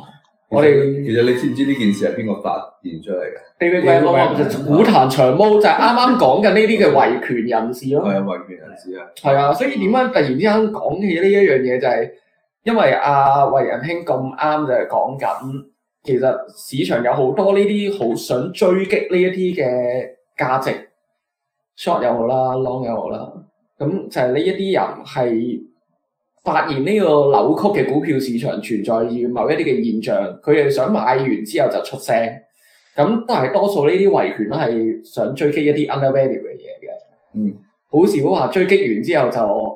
我哋們 其，其實你知唔知呢件事係邊個發現出嚟你嘅？我剛剛就股壇長毛就係啱啱講緊呢啲嘅維權人士咯。係 啊，維權人士啊。係啊，所以點解突然之間講起呢一樣嘢？就係因為阿惠仁兄咁啱就係講緊，其實市場有，多有好多呢啲好想追擊呢一啲嘅價值，short 又好啦，long 又好啦，咁、嗯、就係呢一啲人係。發現呢個扭曲嘅股票市場存在於某一啲嘅現象，佢哋想買完之後就出聲。咁但係多數呢啲維權都係想追擊一啲 undervalue 嘅嘢嘅。嗯，好少話追擊完之後就誒誒、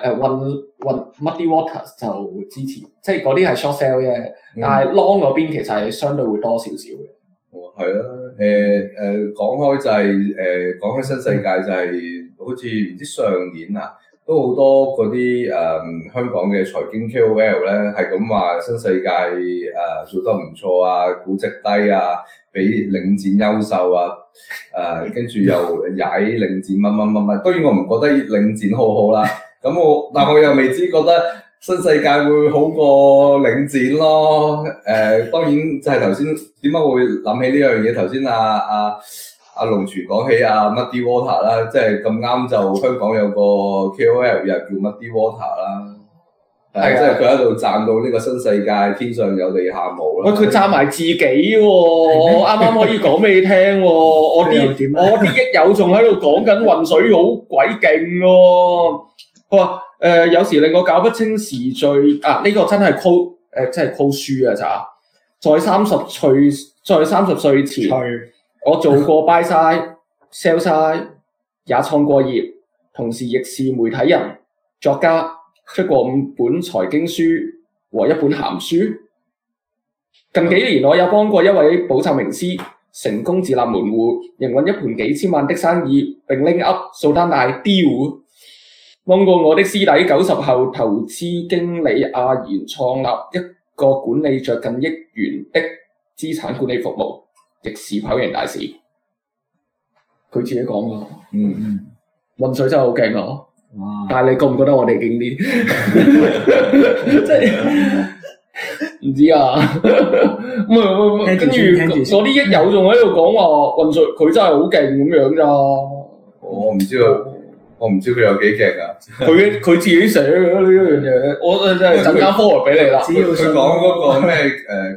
呃、混混，混 muddy waters 就支持，即係嗰啲係 short sell 啫。但係 long 嗰邊其實係相對會多少少嘅。哦、嗯，係啊，誒誒講開就係誒講開新世界就係、是嗯、好似唔知上年啊。都好多嗰啲誒香港嘅財經 KOL 咧，係咁話新世界誒、呃、做得唔錯啊，估值低啊，比領展優秀啊，誒跟住又踩領展乜乜乜乜，當然我唔覺得領展好好啦，咁我但我又未知覺得新世界會好過領展咯，誒、呃、當然就係頭先點解會諗起呢樣嘢頭先啊？啊阿、啊、龍全講起阿 Muddy Water 啦，即係咁啱就香港有個 KOL 又叫 Muddy Water 啦，係、哎、呀即係佢喺度賺到呢個新世界天上有地下冇啦。喂、哎，佢賺埋自己喎、啊！我啱啱可以講俾你聽喎、啊，我啲、 啊、 我啲益友仲喺度講緊混水好鬼勁喎。佢話誒，有時令我搞不清時序啊！呢、這個真係酷誒，真係酷書啊！咋？在三十歲，在三十歲，歲前。我做過 buy side、sell side，也創過業，同時亦是媒體人、作家，出過五本財經書和一本鹹書。近幾年，我也幫過一位補習名師成功自立門戶，營運一盤幾千萬的生意，並拎 Up 數單大 Deal。幫過我的師弟九十後投資經理阿賢創立一個管理着近億元的資產管理服務。逆市跑贏大市，佢自己講噶，嗯嗯，運水真係好勁啊，哇但係你覺唔覺得我哋勁啲？唔 的 知啊，跟住我啲益友仲喺度講話運水，佢真係好勁咁樣咋？我唔知道啊，我唔知佢有幾勁啊？佢佢自己寫嘅呢樣嘢，我真係陣間 follow 俾你啦。只要佢講嗰個咩誒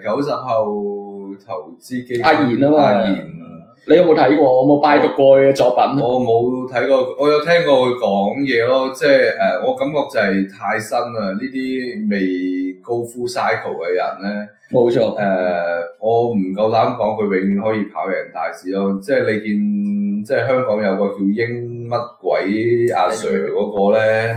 九十後。投資機會。阿賢啊嘛，嗯、你有冇睇過？我冇拜讀過佢嘅作品？我冇睇過，我有聽過佢講嘢咯。即係誒、呃，我感覺就係太新啦。呢啲未 go full cycle 嘅人咧，冇錯。誒，我唔夠膽講佢永遠可以跑贏大市咯。即係你見，即係香港有個叫英乜鬼阿 Sir 嗰個咧。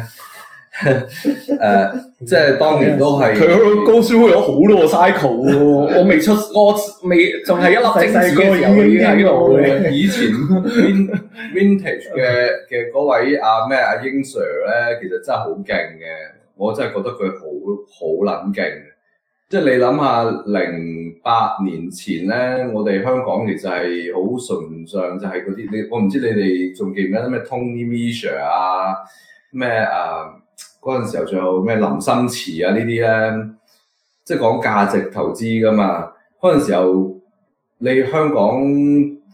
即係當年都係佢喺度高燒有好多個 cycle 喎， 我未出，我未仲係一粒精子，已經喺度。以前 vin, vintage 嘅嘅嗰位阿咩阿英 sir 咧，其實真係好勁嘅，我真係覺得佢好好冷靜。即係你諗下零八年前咧，我哋香港其實係好順暢，就係嗰啲你，我唔知你哋仲記唔記得咩 Tony Measor 啊，咩啊？嗰陣時候，仲有咩林森池啊呢啲咧，即係講價值投資噶嘛。嗰陣時候，你香港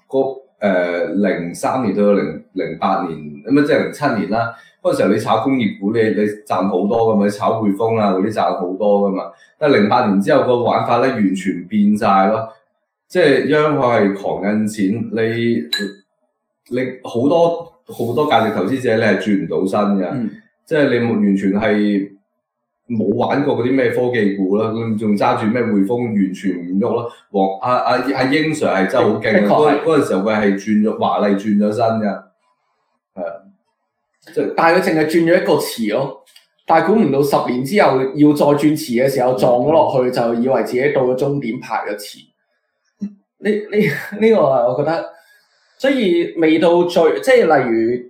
個呃零三年到零零八年，咁啊即係零七年啦。嗰陣時候你炒工業股，你你賺好多噶嘛，你炒匯豐啊嗰啲賺好多噶嘛。但係零八年之後個玩法咧，完全變晒咯，即係央行係狂印錢，你你好多好多價值投資者你，你係轉唔到身嘅。即係你冇完全係冇玩過嗰啲咩科技股啦，咁仲揸住咩匯豐，完全唔喐咯。黃阿阿阿英 Sir 係真係好勁，嗰嗰時候佢係轉咗華麗轉咗身嘅，係啊。但係佢淨係轉咗一個詞咯。但係估唔到十年之後要再轉詞嘅時候撞咗落去，就以為自己到咗終點，拍咗詞。呢呢呢個我覺得。所以未到最，即係例如。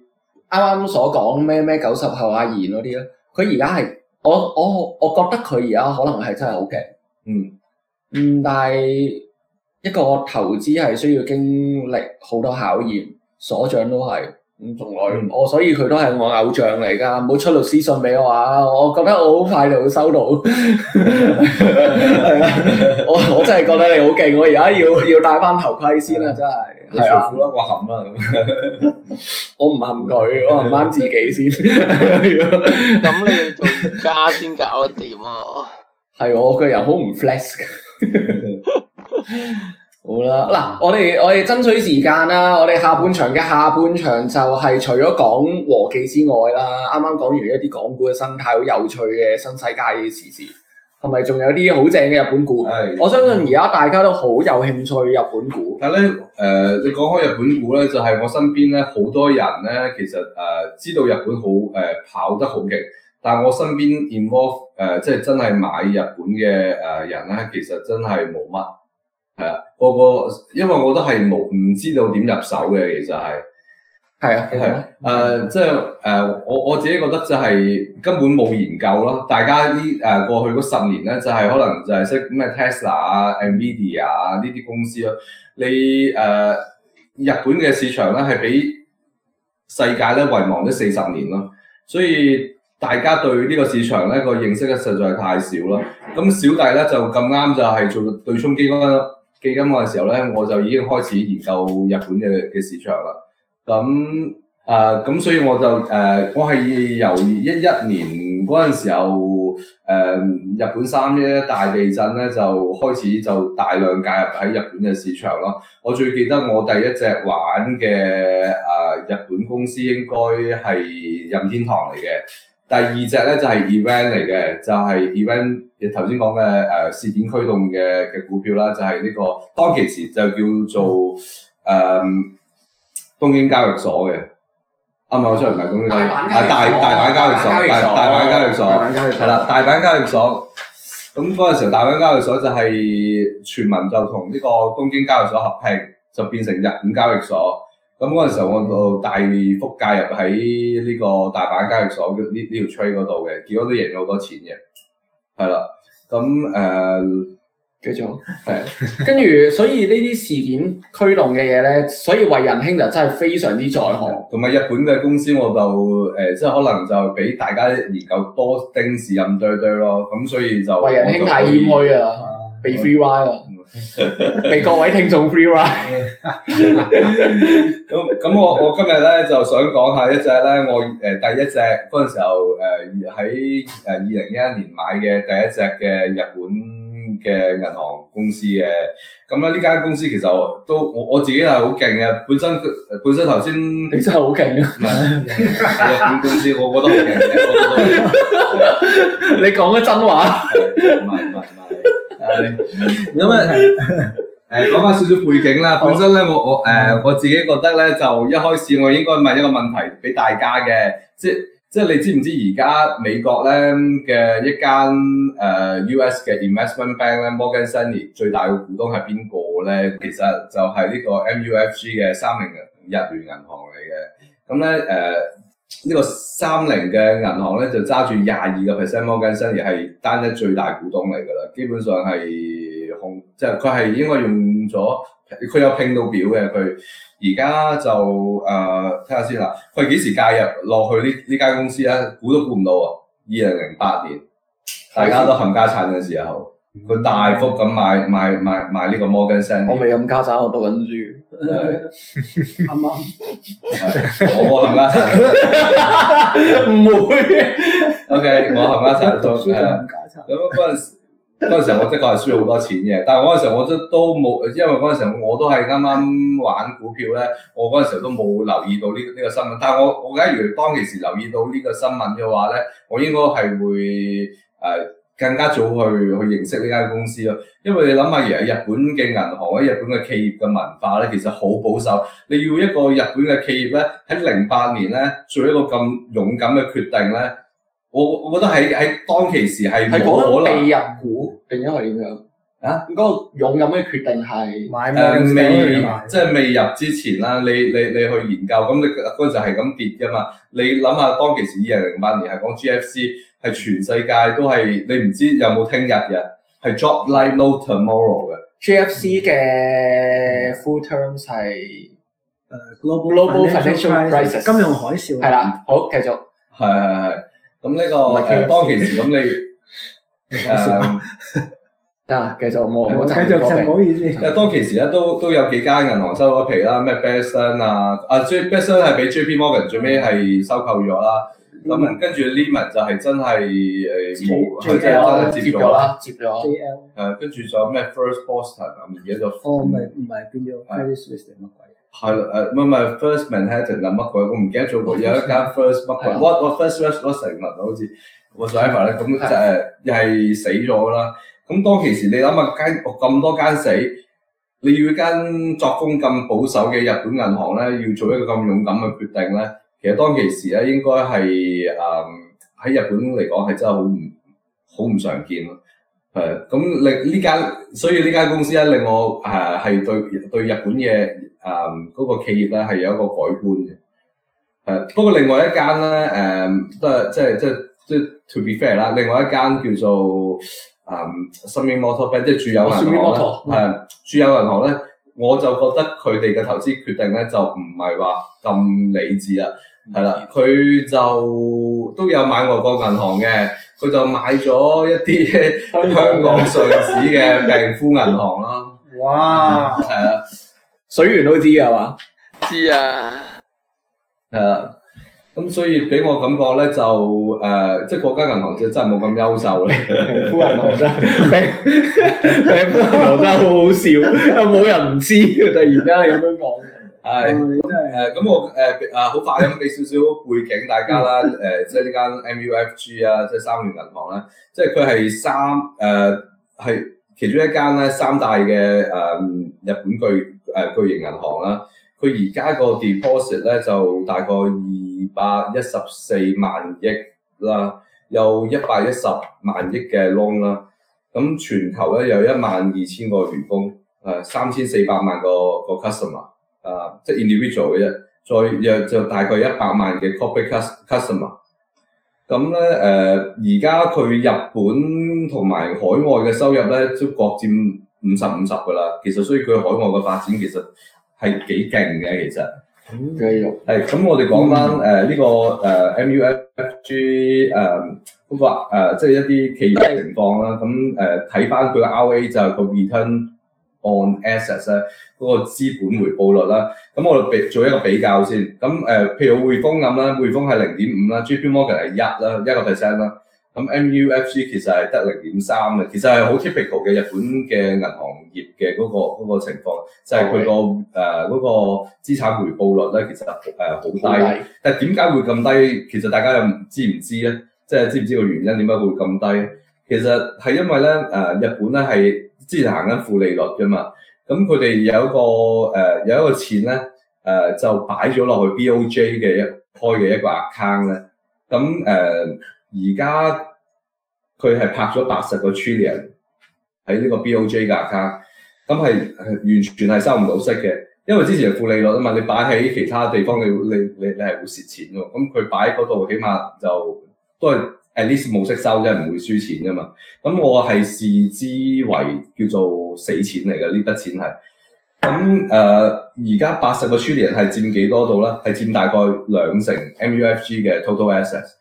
啱啱所講咩咩九十後阿賢嗰啲咧，佢而家係我我我覺得佢而家可能係真係好勁，嗯嗯，但係一個投資係需要經歷好多考驗，所長都係，咁從來我所以佢都係我偶像嚟噶，冇出律師信俾我啊，我覺得我好快就會收到， 我我真係覺得你好勁，我而家要要戴翻頭盔先啊，真係、嗯。係啦，我含啦，我唔含佢，我冚翻自己先。咁你做家先搞得掂啊。係我個人好唔 flex 噶。好啦，嗱，我哋我哋爭取時間啦。我哋下半場嘅下半場就係除咗講和記之外啦，啱啱講完一啲港股嘅生態好有趣嘅新世界嘅時事。係咪仲有啲好正嘅日本股？係。我相信而家大家都好有興趣日本股。但係咧，誒、呃，你講開日本股咧，就係、是、我身邊咧，好多人咧，其實誒、呃、知道日本好誒、呃、跑得好勁，但係我身邊 involve 誒、呃、即係真係買日本嘅誒人咧，其實真係冇乜係啊，個、呃、個因為我都係冇唔知道點入手嘅，其實係。係啊，係啊，誒、呃，即係誒、呃，我我自己覺得就係根本冇研究咯。大家啲誒、呃、過去嗰十年咧，就係、是、可能就係識咩 Tesla 啊、Nvidia 啊呢啲公司咯。你誒、呃、日本嘅市場咧係俾世界咧遺忘咗四十年咯，所以大家對呢個市場咧個認識咧實在太少咯。咁小弟咧就咁啱就係做對沖基金基金嗰陣時候咧，我就已經開始研究日本嘅嘅市場啦。咁啊，咁、嗯呃嗯、所以我就誒、呃，我係由一一年嗰陣時候誒、呃，日本三一大地震咧，就開始就大量介入喺日本嘅市場咯。我最記得我第一隻玩嘅啊、呃，日本公司應該係任天堂嚟嘅。第二隻咧就係 event 嚟嘅，就係 event 你頭先講嘅誒事件驅動嘅嘅股票啦，就係、是、呢、這個當其時就叫做誒、呃東京交易所嘅，啱啱出嚟唔係東京，大大阪交易所，大大阪交易所係啦，大阪交易所。咁嗰陣時候，大阪交易所就係全民就同呢個東京交易所合併，就變成日本交易所。咁嗰陣時候，我就大幅介入喺呢個大阪交易所呢呢條趨嗰度嘅，結果都贏咗好多錢嘅。係啦，咁誒。繼續係，住 跟住所以呢啲事件驅動嘅嘢咧，所以惠仁兄就真係非常之在行。同埋日本嘅公司我就誒、呃，即係可能就俾大家研究多定時任對對咯。咁、嗯、所以就惠仁兄太謙虛啊，被 free ride 啦，俾 各位聽眾 free ride。咁咁，我我今日咧就想講下一隻咧，我誒第一隻嗰陣時候誒喺誒二零一一年買嘅第一隻嘅日本。嘅銀行公司嘅，咁咧呢間公司其實都我我自己係好勁嘅，本身、呃、本身頭先你真係好勁啊！呢間、 嗯嗯嗯、公司我覺得好勁，我覺得勁嗯、 你講緊真話？唔係唔係唔係，咁啊誒講翻少少背景啦，本身咧我我誒、呃、我自己覺得咧就一開始我應該問一個問題俾大家嘅，即係。即係你知唔知而家美國咧嘅一間誒、呃、US 嘅 investment bank 咧，Morgan Stanley 最大嘅股東係邊個咧？其實就係呢個 MUFG 嘅三菱日聯銀行嚟嘅。咁咧誒呢個三菱嘅銀行咧就揸住廿二個 percent Morgan Stanley 係單一最大股東嚟㗎啦，基本上係。 即係佢係應該用咗，佢有拼到表嘅。佢而家就誒，睇、呃、下先啦。佢幾時介入落去呢？呢間公司咧，估都估唔到喎。二零零八年，大家都冚家產嘅時候，佢大幅咁買買買買呢個摩根山。我未冚家產，我，我讀緊書。啱唔啱？我冚家產。唔會。O K，我冚家產都誒。冚家產。咁樣分。嗰陣時候，我的確係需要好多錢嘅，但係嗰陣時候我都都冇，因為嗰陣時候我都係啱啱玩股票咧，我嗰陣時候都冇留意到呢呢個新聞。但係我我假如當其時留意到呢個新聞嘅話咧，我應該係會誒、呃、更加早去去認識呢間公司咯。因為你諗下，而家日本嘅銀行或者日本嘅企業嘅文化咧，其實好保守。你要一個日本嘅企業咧，喺零八年咧做一個咁勇敢嘅決定咧。我我覺得喺喺當其時係可能。未入股定因為點樣？啊？嗰、那個勇敢嘅決定係誒、uh, 未，即係、uh, 未入之前啦。你你你去研究，咁你嗰陣係咁跌嘅嘛？你諗下當其時二零零八年係講 GFC，係全世界都係你唔知有冇聽日嘅，係 drop like no tomorrow 嘅。GFC 嘅 full terms 係誒、uh, global, global financial crisis。金融海嘯。係啦，好繼續，係係、uh, 咁呢個誒當其時咁你誒啊繼續冇，繼續唔好意思。誒當其時咧都都有幾間銀行收咗皮啦，咩 Bear Stearns 啊，啊 J Bear Stearns 係俾 JP Morgan 最尾係收購咗啦。咁跟住 Lehman 就係真係誒冇，佢真係接咗啦，接咗。誒跟住仲有咩 First Boston 啊，而家就哦唔係唔係變咗。係啦，誒，唔係唔係，First Manhattan 啊，乜鬼？我唔記得咗有一間 First 乜鬼，what？what First West 嗰成物好似 whatever 咧，咁就係又係死咗啦。咁當其時，你諗下，間，咁多間死，你要間作風咁保守嘅日本銀行咧，要做一個咁勇敢嘅決定咧，其實當其時咧，應該係誒喺日本嚟講係真係好唔好唔常見咯。誒咁令呢間，所以呢間公司咧令我誒係對對日本嘅誒嗰個企業咧係有一個改觀嘅。誒、嗯、不過另外一間咧誒都係即係即係即係 to be fair 啦，另外一間叫做誒三菱摩托，即係住友銀行，誒住友銀行咧，我就覺得佢哋嘅投資決定咧就唔係話咁理智啦。係啦，佢就都有買外國銀行嘅，佢就買咗一啲、嗯、香港上市嘅病夫銀行啦。哇！係啊，水源都知嘅係嘛？知啊，係啊，咁所以俾我感覺咧就誒、呃，即係國家銀行就真係冇咁優秀啦。病夫銀行真係，病夫銀行真係好好笑，冇人唔知嘅，突然間咁樣講。係，誒咁我誒啊好快咁俾少少背景大家啦，誒即係呢間 MUFG 啊，即係、啊就係、三菱銀行啦、啊，即係佢係三誒係、啊、其中一間咧，三大嘅誒、啊、日本巨誒巨型銀行啦、啊。佢而家個 deposit 咧就大概二百一十四萬億啦，有一百一十萬億嘅 loan 啦。咁全球咧有一萬二千個員工，誒三千四百萬個個 customer。啊，uh, 即係 individual 嘅啫，再有就大概一百萬嘅 corporate customer。咁、呃、咧，誒，而家佢日本同埋海外嘅收入咧，都各佔五十五十噶啦。其實所以佢海外嘅發展其實係幾勁嘅。其實，繼續係咁，我哋講翻誒呢個誒、呃、MUFG 誒、呃、個誒、呃呃，即係一啲企業情況啦。咁誒睇翻佢嘅 RA 就係個 return。on assets 咧嗰個資本回報率啦，咁我哋比做一個比較先。咁誒、呃，譬如匯豐咁啦，匯豐係零點五啦，JP Morgan 係一啦，一個 percent 啦。咁 MUFG 其實係得零點三嘅，其實係好 typical 嘅日本嘅銀行業嘅嗰、那個那個情況，就係、是、佢對、呃那個誒嗰個資產回報率咧，其實誒好、呃、低。低但係點解會咁低？其實大家又唔知唔知咧？即、就、係、是、知唔知個原因點解會咁低？其實係因為咧誒、呃，日本咧係。之前行緊負利率啫嘛，咁佢哋有一個誒、呃、有一個錢咧誒、呃、就擺咗落去 BOJ 嘅一開嘅一個 account 咧，咁誒而家佢係拍咗八十個 trillion 喺呢個 BOJ 嘅 account，咁係完全係收唔到息嘅，因為之前係負利率啊嘛，你擺喺其他地方你你你你係會蝕錢喎，咁佢擺嗰度起碼就都係。At least 冇識收即係唔會輸錢㗎嘛。咁我係視之為叫做死錢嚟嘅呢筆錢係。咁誒，而家八十個 trillion 係佔幾多度咧？係佔大概兩成 MUFG 嘅 total assets。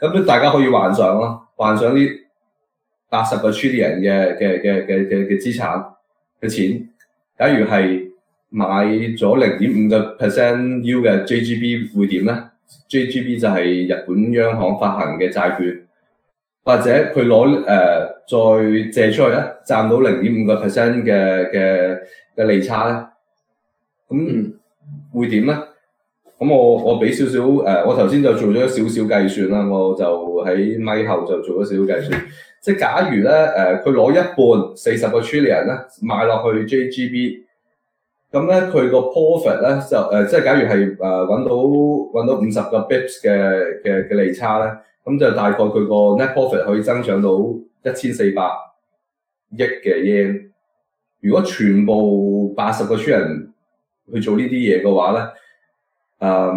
咁大家可以幻想囉，幻想呢八十個 trillion 嘅嘅嘅嘅嘅嘅資產嘅錢，假如係買咗零點五個 percent U 嘅 JGB 會點咧？JGB 就係日本央行發行嘅債券，或者佢攞誒再借出去咧，賺到零點五個 percent 嘅嘅嘅利差咧，咁會點咧？咁我我俾少少誒，我頭先、呃、就做咗少少計算啦，我就喺咪後就做咗少少計算，即係假如咧誒佢攞一半四十個 trillion 咧賣落去 JGB。咁咧，佢個、嗯、profit 咧就誒、呃，即係假如係誒揾到揾到五十個 bips 嘅嘅嘅利差咧，咁、嗯、就大概佢個 net profit 可以增長到一千四百億嘅 yen。如果全部八十個村人去做呢啲嘢嘅話咧，誒、呃、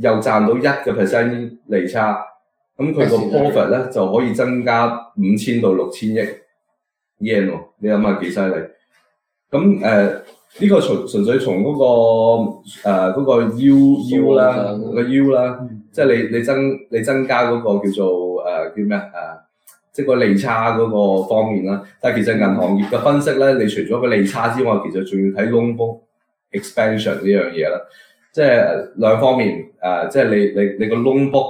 又賺到一個 percent 利差，咁佢個 profit 咧就可以增加五千到六千億 yen。你諗下幾犀利？咁、嗯、誒。呃呢個純純粹從嗰、那個誒 U U 啦個 U 啦， yield，即係你你增你增加嗰個叫做誒、呃、叫咩啊？誒、呃、即係個利差嗰個方面啦。但係其實銀行業嘅分析咧，你除咗個利差之外，其實仲要睇 loan book expansion 呢樣嘢啦。即係兩方面誒、呃，即係你你你個 loan book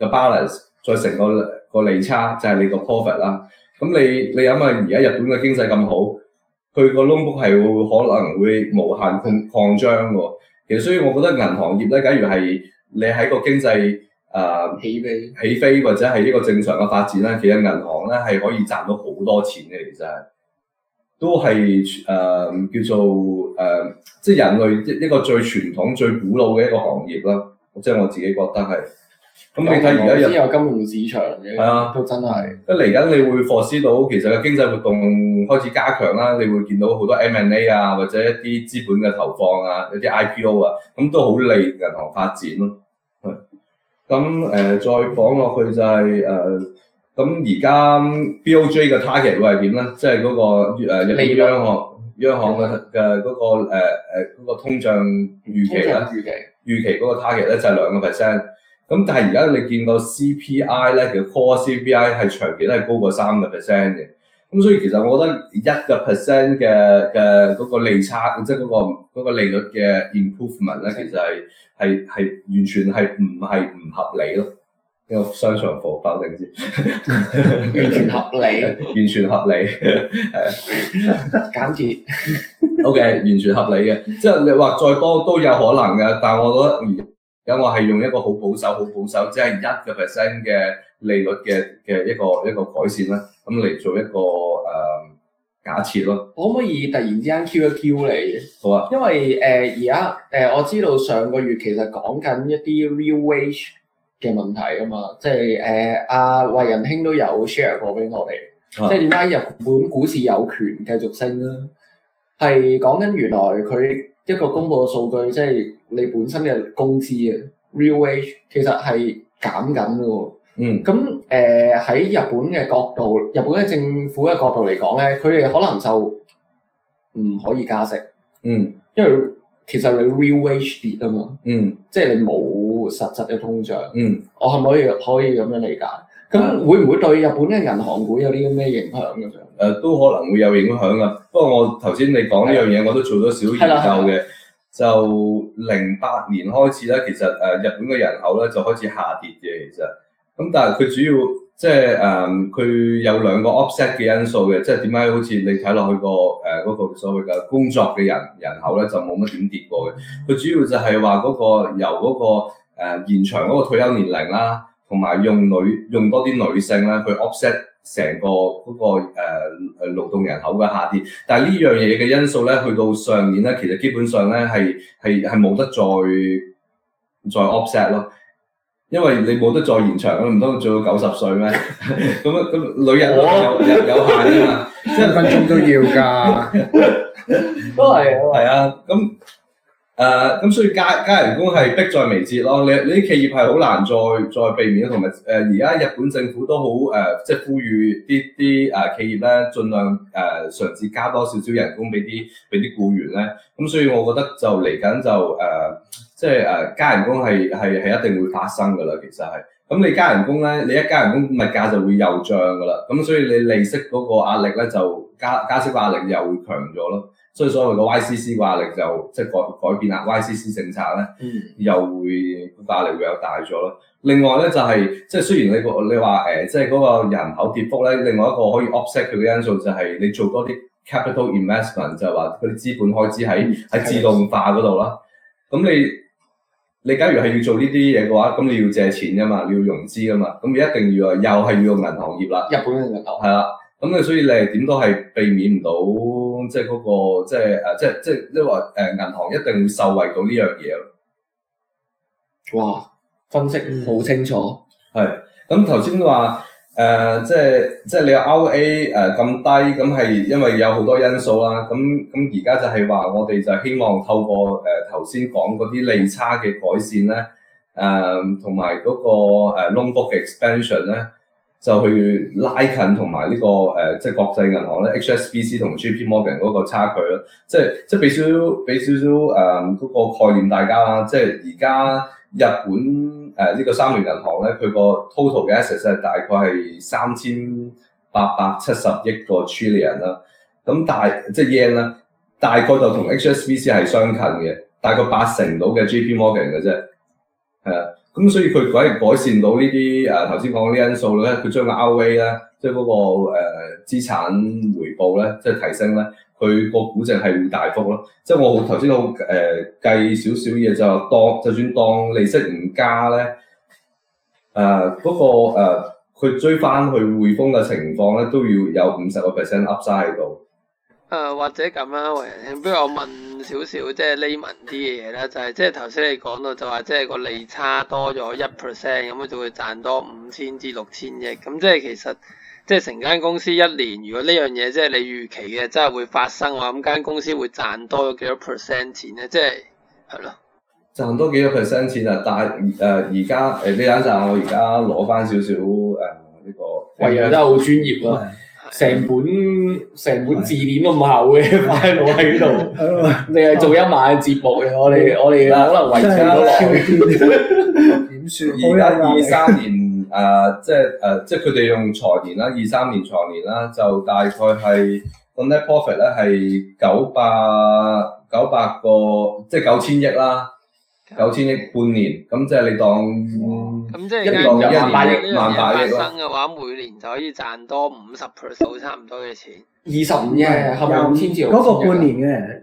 嘅 balance 再成個個利差就係、是、你個 profit 啦。咁你你諗下而家日本嘅經濟咁好。佢個窿窟係會可能會無限擴擴張㗎，其實所以我覺得銀行業咧，假如係你喺個經濟啊、呃、起飛起飛或者係一個正常嘅發展咧，其實銀行咧係可以賺到好多錢嘅，其實都係誒、呃、叫做誒、呃，即係人類一一個最傳統、最古老嘅一個行業啦，即係我自己覺得係。咁你睇而家有，我我有金融市場嘅，啊、都真係，一嚟緊你會駁施到，其實個經濟活動開始加強啦，你會見到好多 M&A 啊，或者一啲資本嘅投放啊，一啲 I P O 啊，咁都好利銀行發展咯。係，咁誒、呃、再講落去就係、係、誒，咁而家 B O J 嘅 target 會係點咧？即係嗰個誒一啲央行央行嘅嘅嗰個誒誒、呃嗰個、通脹預期咧，預期嗰個 target 咧就係兩個 percent。咁但係而家你見到 CPI 咧，其實 core CPI 係長期都係高過三個 percent 嘅，咁所以其實我覺得一個 percent 嘅誒嗰個利差，即係嗰個利率嘅 improvement 咧，其實係係係完全係唔係唔合理咯，呢、這個商重貨包定先， 完全合理， 完全合理，簡 直 弄着 ，O.K. 完全合理嘅，即、就、係、是、你話再多都有可能嘅，但係我覺得。咁我係用一個好保守、好保守，即係一個 percent 嘅利率嘅嘅一個一個改善啦，咁嚟做一個誒、呃、假設咯。我可唔可以突然之間 Q 一 Q 你？好啊。因為誒而家誒我知道上個月其實講緊一啲 real wage 嘅問題啊嘛，即係誒阿惠仁兄都有 share 過俾我哋，啊、即係點解日本股市有權繼續升咧？係講緊原來佢。一個公布嘅數據，即係你本身嘅工資啊，real wage 其實係減緊嘅喎。嗯。咁誒喺日本嘅角度，日本嘅政府嘅角度嚟講咧，佢哋可能就唔可以加息。嗯。因為其實你 real wage 跌啊嘛。嗯。即係你冇實質嘅通脹。嗯。我可唔可以可以咁樣理解？咁、嗯、會唔會對日本嘅銀行股有啲咩影響咁？誒、呃、都可能會有影響啊。不過我頭先你講呢樣嘢，的我都做咗少研究嘅。就零八年開始咧，其實誒、呃、日本嘅人口咧就開始下跌嘅。其實咁，但係佢主要即係誒佢有兩個 offset 嘅因素嘅，即係點解好似你睇落去個誒嗰個所謂嘅工作嘅人人口咧就冇乜點跌過嘅？佢主要就係話嗰個由嗰、嗰個誒、呃、延長嗰個退休年齡啦，同埋用女用多啲女性咧去 offset。成個嗰個誒誒勞動人口嘅下跌，但係呢樣嘢嘅因素咧，去到上年咧，其實基本上咧係係係冇得再再 offset 咯，因為你冇得再延長啦，唔通做到九十歲咩？咁 咁、嗯，女、呃、人、呃呃、有有有限啊嘛，一 分鐘要 都要㗎，都係係啊，咁、嗯。嗯嗯。誒咁，uh，所以加加人工係迫在眉睫咯。你你啲企業係好難再再避免，同埋誒而家、呃、日本政府都好誒、呃，即係呼籲啲啲誒企業咧，儘量誒嘗試加多少少人工俾啲俾啲僱員咧。咁所以我覺得就嚟緊就誒，即係誒加人工係係係一定會發生㗎啦。其實係咁，你加人工咧，你一加人工，物價就會又漲㗎啦。咁所以你利息嗰個壓力咧就加加息嘅壓力又會強咗咯。所以所謂個 YCC 嘅壓力就，就即係改改變啦，YCC 政策咧、嗯、又會壓力會有大咗咯。另外咧就係、是、即係雖然你個你話誒、呃、即係嗰個人口跌幅咧，另外一個可以 offset 佢嘅因素就係你做多啲 capital investment，就係話嗰啲資本開支喺喺自動化嗰度啦。咁你你假如係要做呢啲嘢嘅話，咁你要借錢噶嘛，你要融資噶嘛，咁你一定要又係要用銀行業啦。日本嘅銀行。係啦，咁 你所以你係點都係避免唔到。即係嗰、嗰個，即係誒，即係即係，即係話誒，銀行一定會受惠到呢樣嘢咯。哇！分析好清楚，係、嗯。咁頭先話誒，即係即係你有 OA 誒咁低，咁係因為有好多因素啦。咁咁而家就係話，我哋就希望透過誒頭先講嗰啲利差嘅改善咧，誒同埋嗰個誒 loan book expansion 咧。呃嗯就去拉近同埋呢個誒、呃，即係國際銀行咧，HSBC 同 JP Morgan 嗰個差距咯。即係即係俾少少俾少少誒，嗰、呃嗰個、概念大家啦。即係而家日本誒呢、呃呢個三菱銀行咧，佢個 total 嘅 assets 係大概係三千八百七十億個 trillion 啦。咁大即係 yen 啦，大概就同 HSBC 係相近嘅，大概八成到嘅 JP Morgan 嘅啫，係啊。咁所以佢改改善到、啊、呢啲誒頭先講啲因素咧，佢將 LA、那個 ROA 咧，即係個個誒資產回報咧，即、就、係、是、提升咧，佢個估值係會大幅咯。即係我頭先好誒計少少嘢就當，就是呃、算當利息唔加咧，誒個個佢追翻去匯豐嘅情況咧，都要有五十個 percent upside 喺度。啊，或者咁樣，不如我問少少即係 layman 啲嘅嘢啦，就係、是、即係頭先你講到就話即係個利差多咗一 percent，咁樣就會賺多五千至六千億，咁、嗯、即係其實即係成間公司一年，如果呢樣嘢即係你預期嘅，真係會發生，咁間公司會賺多咗幾多 percent 錢咧，即係係咯，賺多幾多 percent 錢啊？但係誒而家誒你睇下我而家攞翻少少誒呢個，喂，真係好專業啊！嗯成本成本字典都唔厚嘅，擺攞喺度。你係 做一晚節目嘅，我哋我哋可能維持唔到落。點 算是？而家二三年誒， uh, 即係誒，uh, 即係佢哋用財年啦，二三年財年啦，就大概係咁 net profit 咧係九百九百個，即係九千億啦。九千億半年，咁即係你當，咁即係一當一萬八億，萬八億生嘅話，每年就可以賺多五十 p e 差唔多嘅錢。二十五嘅，係咪五千兆？嗰個半年嘅，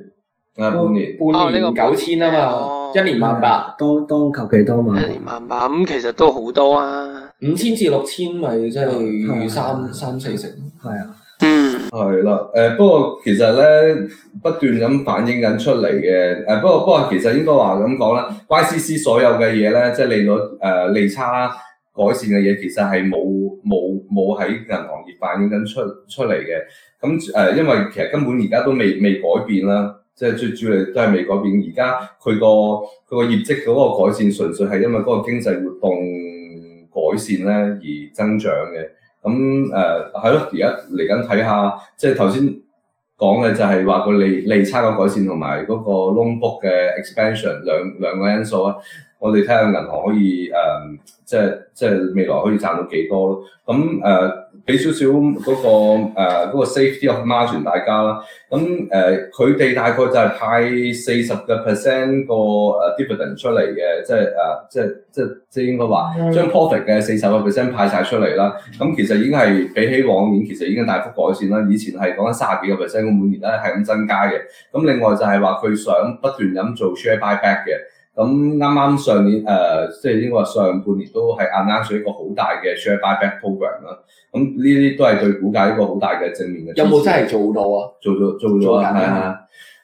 啊半年，半年九千啊嘛，一年萬八，當當求其多嘛？一年萬百，咁其實都好多啊。五千至六千，咪即係三三四成，係啊。嗯。係啦，誒、呃、不過其實咧不斷咁反映緊出嚟嘅，誒、呃、不過不過其實應該話咁講啦，YCC 所有嘅嘢咧，即係利率誒利差改善嘅嘢，其實係冇冇冇喺銀行業反映緊出出嚟嘅，咁、呃、誒因為其實根本而家都未未改變啦，即係最主要都係未改變，而家佢個佢個業績嗰個改善，純粹係因為嗰個經濟活動改善咧而增長嘅。咁誒係咯，而家嚟緊睇下看看，即係頭先講嘅就係話個利利差嘅改善同埋嗰個 loan book 嘅 expansion 兩個兩個因素啊，我哋睇下銀行可以誒、嗯，即係即係未來可以賺到幾多咯，咁、嗯、誒。嗯俾少少嗰、那個誒嗰、呃那個 safety of margin 大家啦，咁誒佢哋大概就係派四十個 percent 個誒 dividend 出嚟嘅，即係誒、呃、即係即係即係應該話將 profit 嘅四十個 percent 派晒出嚟啦。咁、嗯嗯、其實已經係比起往年其實已經大幅改善啦。以前係講緊三十幾個 percent，我每年都係咁增加嘅。咁、嗯、另外就係話佢想不斷咁做 share buy back 嘅。咁啱啱上年誒、呃，即係應該話上半年都係啱啱做一個好大嘅 share buy back program 啦、嗯。咁呢啲都係對股價一個好大嘅正面嘅。有冇真係做到啊？做咗做咗，係啊！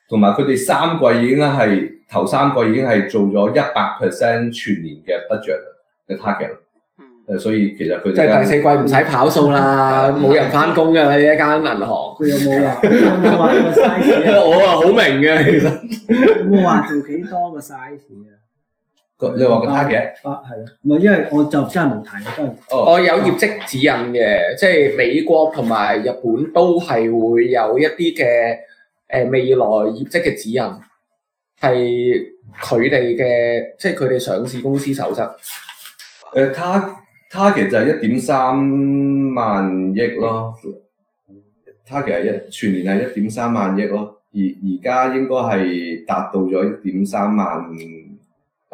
同埋佢哋三季已經係頭三個已經係做咗一百 percent 全年嘅 budget 嘅 target。誒，所以其實佢即係第四季唔使跑數啦，冇人翻工噶啦，呢一間銀行。佢冇我啊好明嘅，我冇話做幾多個 size 啊。你話個 target？啊係咯，唔係，因為我就真係冇睇，真係。哦，我有業績指引嘅，即係美國同埋日本都係會有一啲嘅，誒，未來業績嘅指引，係佢哋嘅，即係佢哋上市公司守則。誒，他。它其實係一點三萬億咯，它其實一全年係一點三萬億咯，而而家應該係達到咗一點三萬。誒、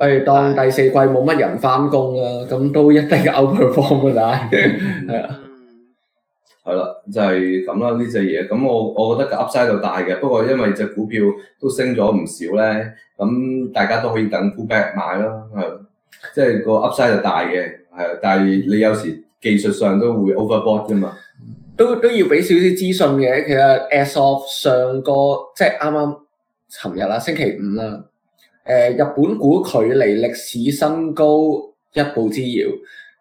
哎，當第四季冇乜人翻工啦，咁都一定 outperform 㗎喇，係啊，係啦，就係咁啦呢隻嘢。咁、這個、我我覺得個 Upside 就大嘅，不過因為隻股票都升咗唔少咧，咁大家都可以等 Goodback 買咯，係，即、就、係、是、個 Upside 就大嘅。係但係你有時技術上都會 overboard 噶嘛，都都要俾少少資訊嘅。其實 as of 上個即係啱啱尋日啦，星期五啦，誒、呃，日本股佢離歷史新高一步之遙，誒、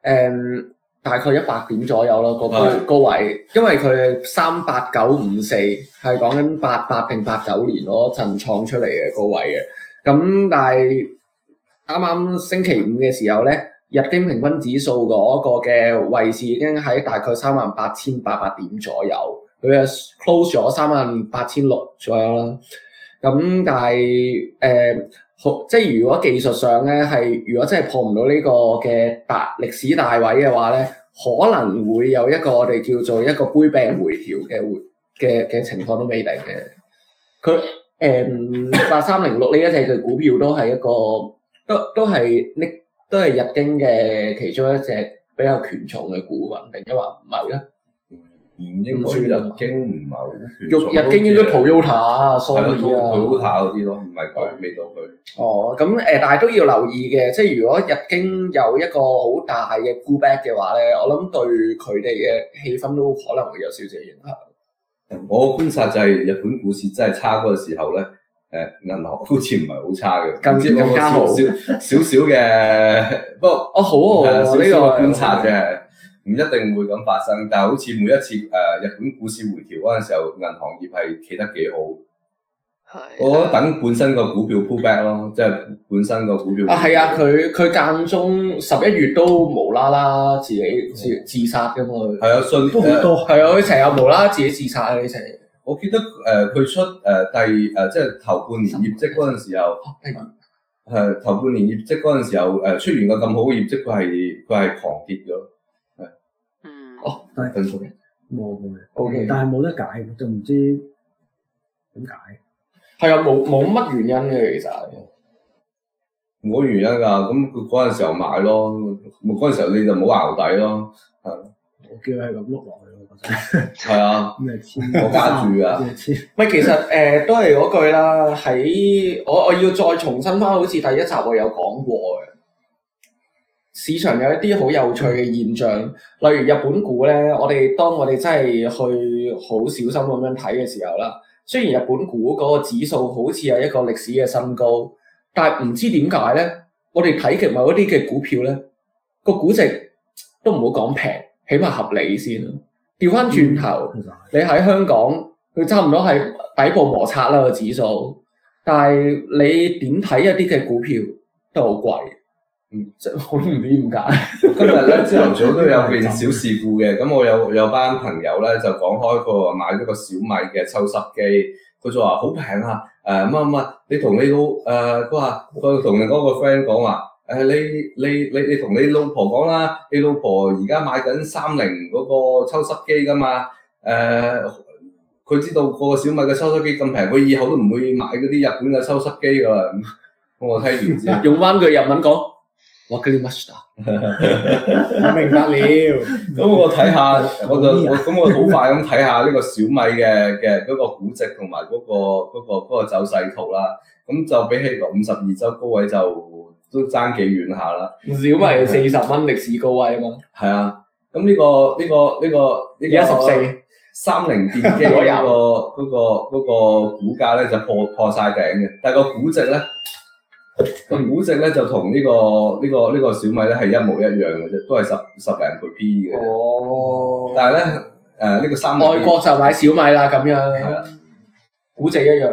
呃，大概一百點左右咯，嗰個高位，oh. 因為佢三八九五四係講緊八八定八九年嗰、嗰個、陣創出嚟嘅高位嘅，咁但係啱啱星期五嘅時候咧。日經平均指數嗰個嘅位置已經喺大概三萬八千八百點左右，佢就 close 咗三萬八千六左右啦。咁但係誒、呃，即係如果技術上咧係，如果真係破唔到呢個嘅大歷史大位嘅話咧，可能會有一個我哋叫做一個杯柄回調嘅回嘅嘅情況都未定嘅。佢誒八三零六呢一隻嘅股票都係一個都都係呢。都係日經嘅其中一隻比較權重嘅股份，定一或唔係咧？唔，應該日經唔係好權重，日經應該 Toyota 啊、索尼啊、Toyota 嗰啲咯，唔係佢，的未到佢。哦，咁誒，但係都要留意嘅，即係如果日經有一個好大嘅 good bad 嘅話咧，我諗對佢哋嘅氣氛都可能會有少少影響。我觀察就係日本股市真係差嗰個時候咧。誒銀行好似唔係好差嘅，今咁少少少少嘅，不過哦好啊，呢個觀察嘅，唔一定會咁發生，但係好似每一次誒日本股市回調嗰陣時候，銀行業係企得幾好。係。我覺得等本身個股票 pullback 咯，即係本身個股票。啊係啊，佢佢間中十一月都無啦啦自己自自殺咁去。係啊，信好多。係啊，佢成日無啦自己自殺嘅呢？成？我記得誒佢、呃、出誒、呃、第誒、呃、即係頭半年業績嗰陣時候，係、啊啊、頭半年業績嗰陣時候誒、呃、出完個咁好嘅業績，佢係佢係狂跌咗，係。嗯。哦，但係冇冇 O K，但係冇得解，我就唔知點解。係啊，冇冇乜原因嘅，其實冇原因㗎。咁佢嗰陣時候買咯，冇嗰陣時候你就冇淆底咯，係。我叫佢係咁碌落去。係啊，我家注啊，唔係其實誒、呃，都係嗰句啦。喺我我要再重新翻，好似第一集我有講過嘅，市場有一啲好有趣嘅現象，例如日本股咧。我哋當我哋真係去好小心咁樣睇嘅時候啦，雖然日本股嗰個指數好似係一個歷史嘅新高，但係唔知點解咧？我哋睇嘅某啲嘅股票咧，個估值，都唔好講平，起碼合理先。調翻轉頭，嗯、其實你喺香港，佢差唔多係底部摩擦啦、個指數，但係你點睇一啲嘅股票都好貴，嗯，真係我唔知點解。今日咧朝頭早都有件小事故嘅，咁我有有班朋友咧就講開，佢話買咗個小米嘅抽濕機，佢就話好平啊，誒乜乜，你同你老誒，佢話佢同你嗰個 friend 講話。誒你你你你同你老婆講啦，你老婆而家買緊三菱嗰個抽濕機噶嘛？誒、呃，佢知道個小米嘅抽濕機咁平，佢以後都唔會買嗰啲日本嘅抽濕機噶啦、嗯。我睇完之後 用翻句日文講，我 get it。 我明白了。咁 我睇下，我就我咁我好快咁睇下呢個小米嘅嘅嗰個估值同埋嗰個嗰、嗰個嗰個、走勢圖啦。咁就比起個五十二周高位就，都爭幾遠下啦！小米四十蚊歷史高位啊嘛，係啊，咁呢、啊呢個呢、呢個呢、呢個呢、呢個十四三菱電機嗰個嗰、 嗰個嗰、嗰個嗰個、股價咧就破破曬頂嘅，但係個估值咧、嗰個估值咧就同呢、呢個呢、呢個呢、呢個小米咧係一模一樣嘅啫，都係十十零倍 P 嘅。哦，但係咧誒呢、呃呢個三，外國就買小米啦咁樣，估、啊、值一樣。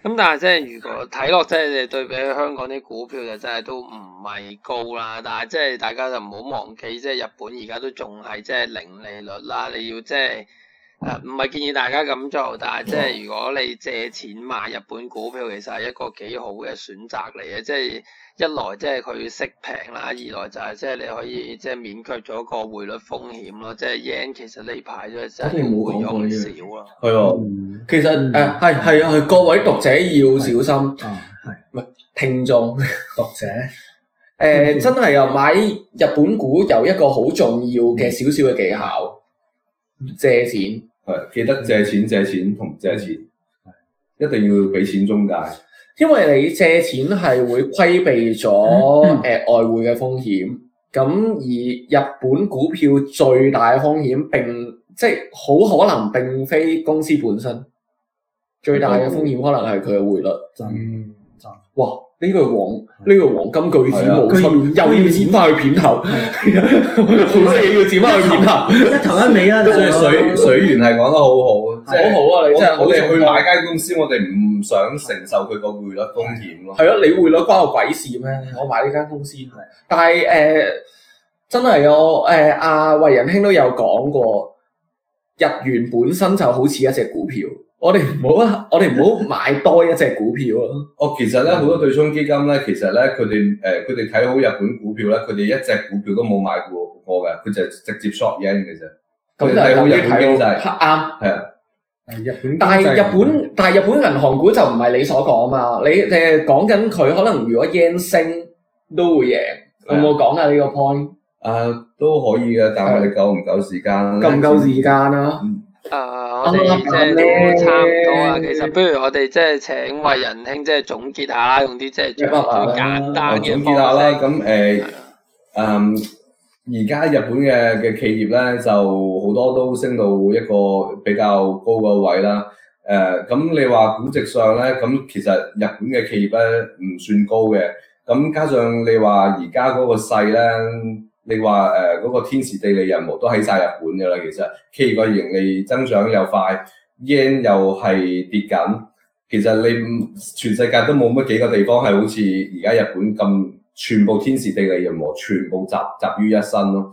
咁但係即係如果睇落即係你對比香港啲股票就真係都唔係高啦，但係即係大家就唔好忘記，即係日本而家都仲係即係零利率啦。你要即係誒，唔係建議大家咁做，但係即係如果你借錢買日本股票，其實係一個幾好嘅選擇嚟嘅，即係。一來即係佢息平啦，二來就係即係你可以即係免卻咗個匯率風險咯，即係 yen 其實呢排咧一定冇咁少啦。係、呃、啊，其實誒係係啊，各位讀者要小心，唔係、啊、聽眾眾讀者誒 誒真係啊買日本股有一個好重要嘅少少嘅技巧，嗯、借錢係、嗯、記得借錢借錢同借錢，一定要俾錢中介。因為你借錢係會規避咗誒外匯嘅風險，咁、嗯、而日本股票最大風險並即係好可能並非公司本身最大嘅風險，可能係佢嘅匯率。嗯，哇！呢、呢個黃呢、呢個黃金巨子無心、嗯、又要剪翻去片頭，好多嘢要剪翻去片頭，一頭同一尾啦、啊。水水源係講得好好。 好好啊！你真係好似去買間公司，我哋唔想承受佢個匯率風險咯。係咯，你匯率關我鬼事咩？我買呢間公司係，但係誒真係我誒阿惠仁兄都有講過，日元本身就好似一隻股票，我哋唔好啊！我哋唔好買多一隻股票啊！哦，其實咧好多對沖基金咧，其實咧佢哋誒佢哋睇好日本股票咧，佢哋一隻股票都冇買過貨嘅，佢就直接 short yen 嘅啫。咁係為咗睇經濟，恰啱係啊！但係日本，但係日本銀行股就唔係你所講嘛？你誒講緊佢可能如果 yen 升都會贏，有冇講啊？呢個 point？誒都可以嘅，但係你夠唔夠時間？夠唔夠時間啊？誒，我哋即係差唔多啦。其實不如我哋即係請惠仁兄即係總結下，用啲即係最簡單嘅方式。總結下啦，咁誒誒。而家日本嘅嘅企業咧，就好多都升到一個比較高個位啦。誒、呃，咁你話估值上咧，咁其實日本嘅企業咧唔算高嘅。咁加上你話而家嗰個勢咧，你話誒嗰個天時地利人和都喺晒日本噶啦。其實企業嘅盈利增長又快，yen 又係跌緊。其實你全世界都冇乜幾個地方係好似而家日本咁。全部天時地利人和，全部集集於一身咯。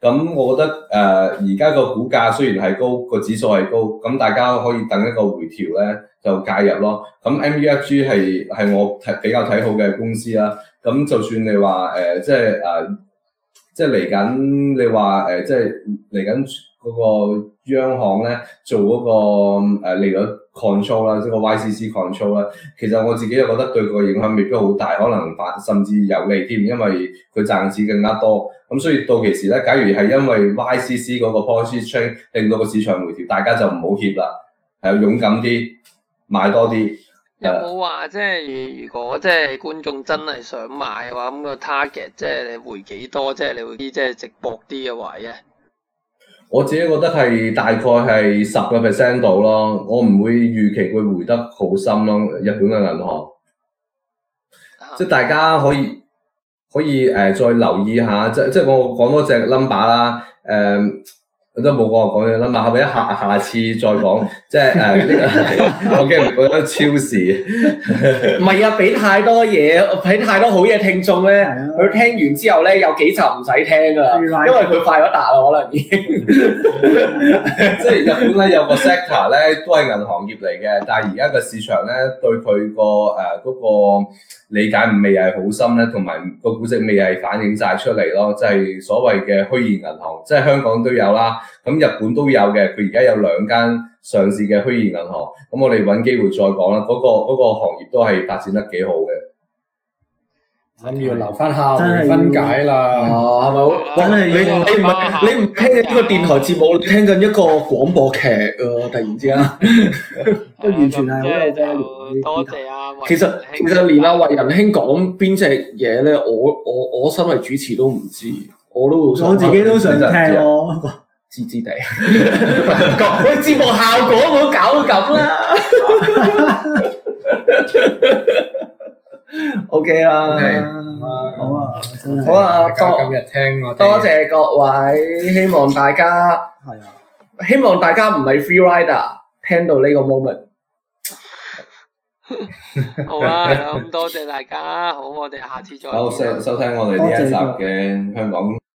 咁我覺得誒，而家個股價雖然係高，個指數係高，咁大家可以等一個回調咧，就介入咯。咁 MUFG 係係我係比較睇好嘅公司啦。咁就算你話誒、呃，即係誒、呃，即係嚟緊你話誒，即係嚟緊嗰個央行咧做嗰、嗰個、呃、利率 control 啦，即個 YCC control 啦，其實我自己又覺得對佢影響未必好大，可能反甚至有利添，因為佢賺錢更加多。咁所以到期時咧，假如係因為 YCC 嗰個 policy change 令到個市場回調，大家就唔好怯啦，係勇敢啲買多啲。有冇話即係如果即係觀眾真係想買嘅話，咁、那個 target 即係你回幾多？即係你會啲即係直播啲嘅話咧？我自己覺得係大概係十個 percent 度咯，我唔會預期佢回得好深咯。日本嘅銀行，即係大家可以可以誒、呃、再留意下，即即係我講多隻 number 啦，誒、呃。咁都冇話講嘢啦嘛，係咪下下次再講？ 即係誒，我驚唔覺得超時。唔係啊，俾太多嘢，俾太多好嘢聽眾咧。佢 聽完之後咧，有幾集唔使聽㗎喇， 因為佢快咗達啦，可能已經。 即係日本咧有個 sector 咧，都係銀行業嚟嘅，但係而家個市場咧對佢個誒嗰個理解未係好深咧，同埋個估值未係反映晒出嚟咯，即係所謂嘅虛擬銀行，即係香港都有啦。咁日本都有嘅，佢而家有兩間上市嘅虛擬銀行，咁我哋揾機會再講啦。嗰個行業都係發展得幾好嘅。咁要留翻下回分解啦。哦，係咪好？真係要啊！你唔係你唔聽緊呢個電台節目，你聽緊一個廣播劇啊！突然之間，都完全係好多謝啊！其實其實連阿惠仁興講邊隻嘢咧，我我我身為主持都唔知，我都我自己都想就聽咯。知知地，講節目效果我搞到咁啦。OK 啦，好啊，好啊，今日聽我多謝各位，希望大家係啊， 希望大家唔係 freerider 聽到呢個 moment。 好啊，咁多謝大家，好，我哋下次再收收聽我哋呢一集嘅香港。